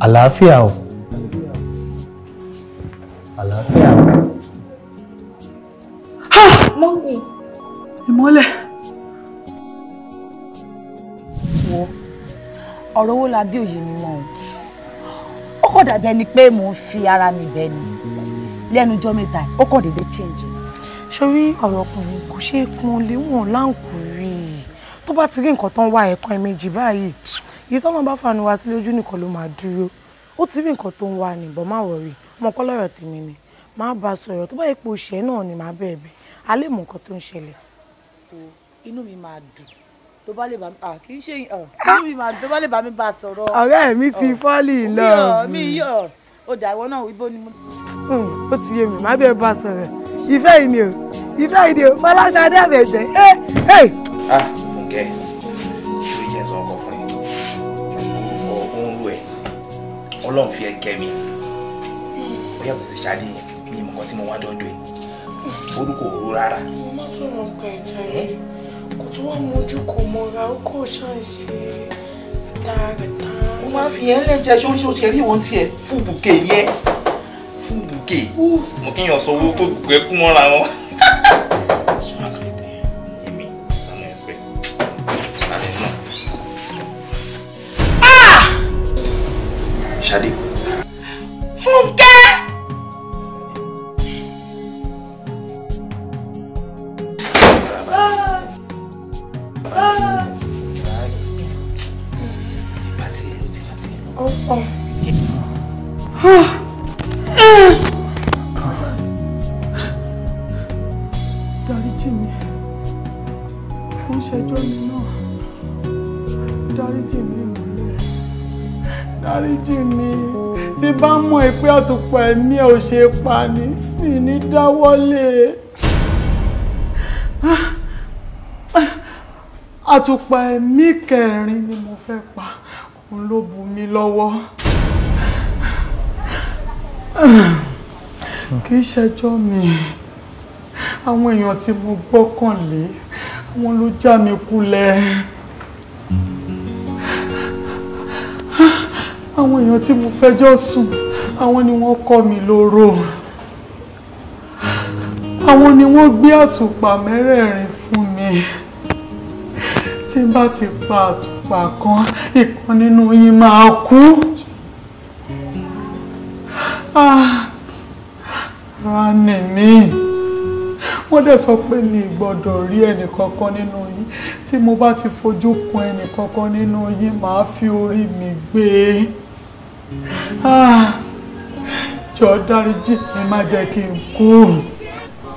àlàáfíà o àlàáfíà o. mọ́mí ìmọ́lẹ̀. wo ọ̀rọ̀ owó la bí òye mi mọ́ o ó kọ̀ dàbí ẹni pé mò ń fi ara mi bẹ́ẹ̀ ni lẹ́nu ọjọ́ mẹ́ta ó kọ̀ déédéé change. sórí ọ̀rọ̀ ọkùnrin kò ṣeé kun léwọ̀n láǹkù rí i tó bá ti rí nǹkan tó ń wá ẹ̀kan ẹ̀mejì báyìí èyí tọ́lọ́ bá fanu wá sí lójú nìkan ló máa dúró ó ti rí nǹkan tó ń wá nìbọn má wọrí ọmọ pọ́ lọ́rọ̀ tèmi ni máa bá a sọ̀rọ̀ tó bá yẹ pé oṣù ẹ̀ náà ni màá bẹ̀ẹ̀ bẹ̀ a lè mọ nǹkan tó ń ṣẹlẹ̀. inú mi máa dùn tó bá lè bá mi kì í ṣe inú mi máa dùn tó bá lè bá mi bá a sọ̀rọ̀. ọ̀rẹ́ mi ti fọ́ọ̀lì lọ́ọ̀fù. mi yọ̀ ó dà ìwọ náà ibo ni mo. Hmm, ó ti yé mi má bẹ́ẹ̀ bá a sọ̀rọ̀ ìfẹ́ yìí o ìfẹ́ yìí o fọláṣadé àbẹ̀jẹ̀. ah Okay. ọlọ́run fi ẹ kẹ́ mi ó yàtọ̀ sí ṣáde mi ìmọ̀kan tí mo wá dọ́dọ̀ ẹ̀ orúkọ òru rárá. mo má fẹ́ràn ọkọ ẹ̀jẹ̀ rẹ̀ kò tún wá mojú kò mọ́ra ó kò ṣàǹṣe dáadáa. mo máa fi yẹn lẹ́jẹ̀ sórí sórí ẹ̀rí ìwọ̀n tiẹ̀ fún bùkẹ́ yẹ fún bùkẹ́ mo kí yan sọ owó tó gbẹ kú mọ́ra wọn. Shadi. Funke! ọ̀pọ̀ ẹ̀mí ẹ̀ ò ṣe pa ni mi ní dáwọ́lé ah, àtùpà ẹ̀mí kẹrin ni mo fẹ́ pa òun ló bu mi lọ́wọ́ kì í ṣẹjọ́ mi àwọn èèyàn tí mo gbọ́kànlé àwọn ló já mi kulẹ̀ ah, àwọn èèyàn tí mo fẹjọ́ sùn àwọn ni wọ́n kọ́ mi lóró àwọn ni wọ́n gbé àtùpà mẹ́rẹ̀ẹ̀rin fún mi tí n bá ti pa àtùpà kan ìkan nínú yín máa kú ah, ara nì mí wọ́n dẹ̀ sọ pé mi gbọ́dọ̀ rí ẹnìkankan nínú yín tí mo bá ti fojú kun ẹnìkankan nínú yín màá fi orí mi gbé. Ah jọ dáríjì mi má jẹ́ kí n kú.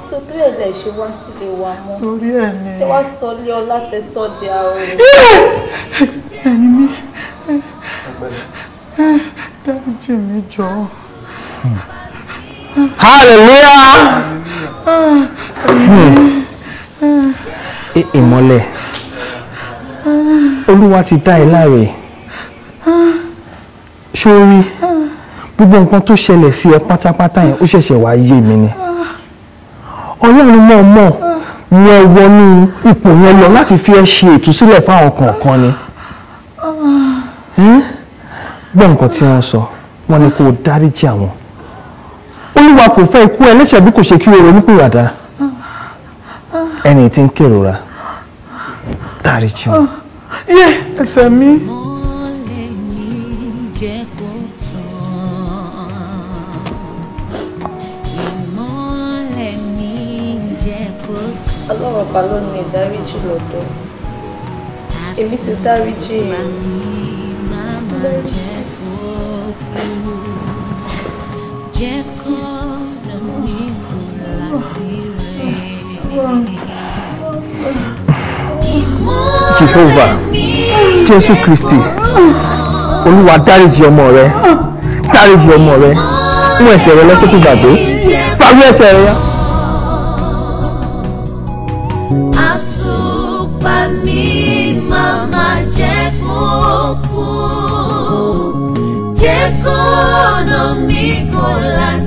torí ẹ̀ lẹ̀ ṣe wá sílé wa mọ́ torí ẹ̀ ni ẹ wá sọ lé ọlá tẹsán di ara rẹ. ẹ̀yin mi dáríjì mi jọ. hallelujah. ìmọ́lẹ̀ olúwa ti dá ẹ láre ṣó rí gbogbo nǹkan tó ṣẹlẹ̀ sí ẹ pátápátá yẹn ó ṣẹ̀ṣẹ̀ wá yé mi ni ọlọ́run mọ̀ mọ̀ yẹn wọnú ipò yẹn lọ láti fi ẹ ṣe ìtúsílẹ̀ fáwọn kọ̀ọ̀kan ni gbọ́ nǹkan tí wọ́n sọ wọ́n ní kó o dáríjì àwọn olúwa kò fẹ́ ikú ẹlẹ́ṣẹ̀ bí kò ṣe kí o ronúpìwàdà ẹni tí ń kérora dáríjì wọn. ẹsẹ̀ mi. ọlọ́run ọba ló ní ìdáríjì lọ́dọ̀ èmi ti dáríjì Jehovah Jésù Kristi Olúwa dáríjì ọmọ rẹ dáríjì ọmọ rẹ mú ẹ̀ṣẹ̀ rẹ lọ sókè gbàgbé fàwé ẹ̀ṣẹ̀ rẹ yá. economico la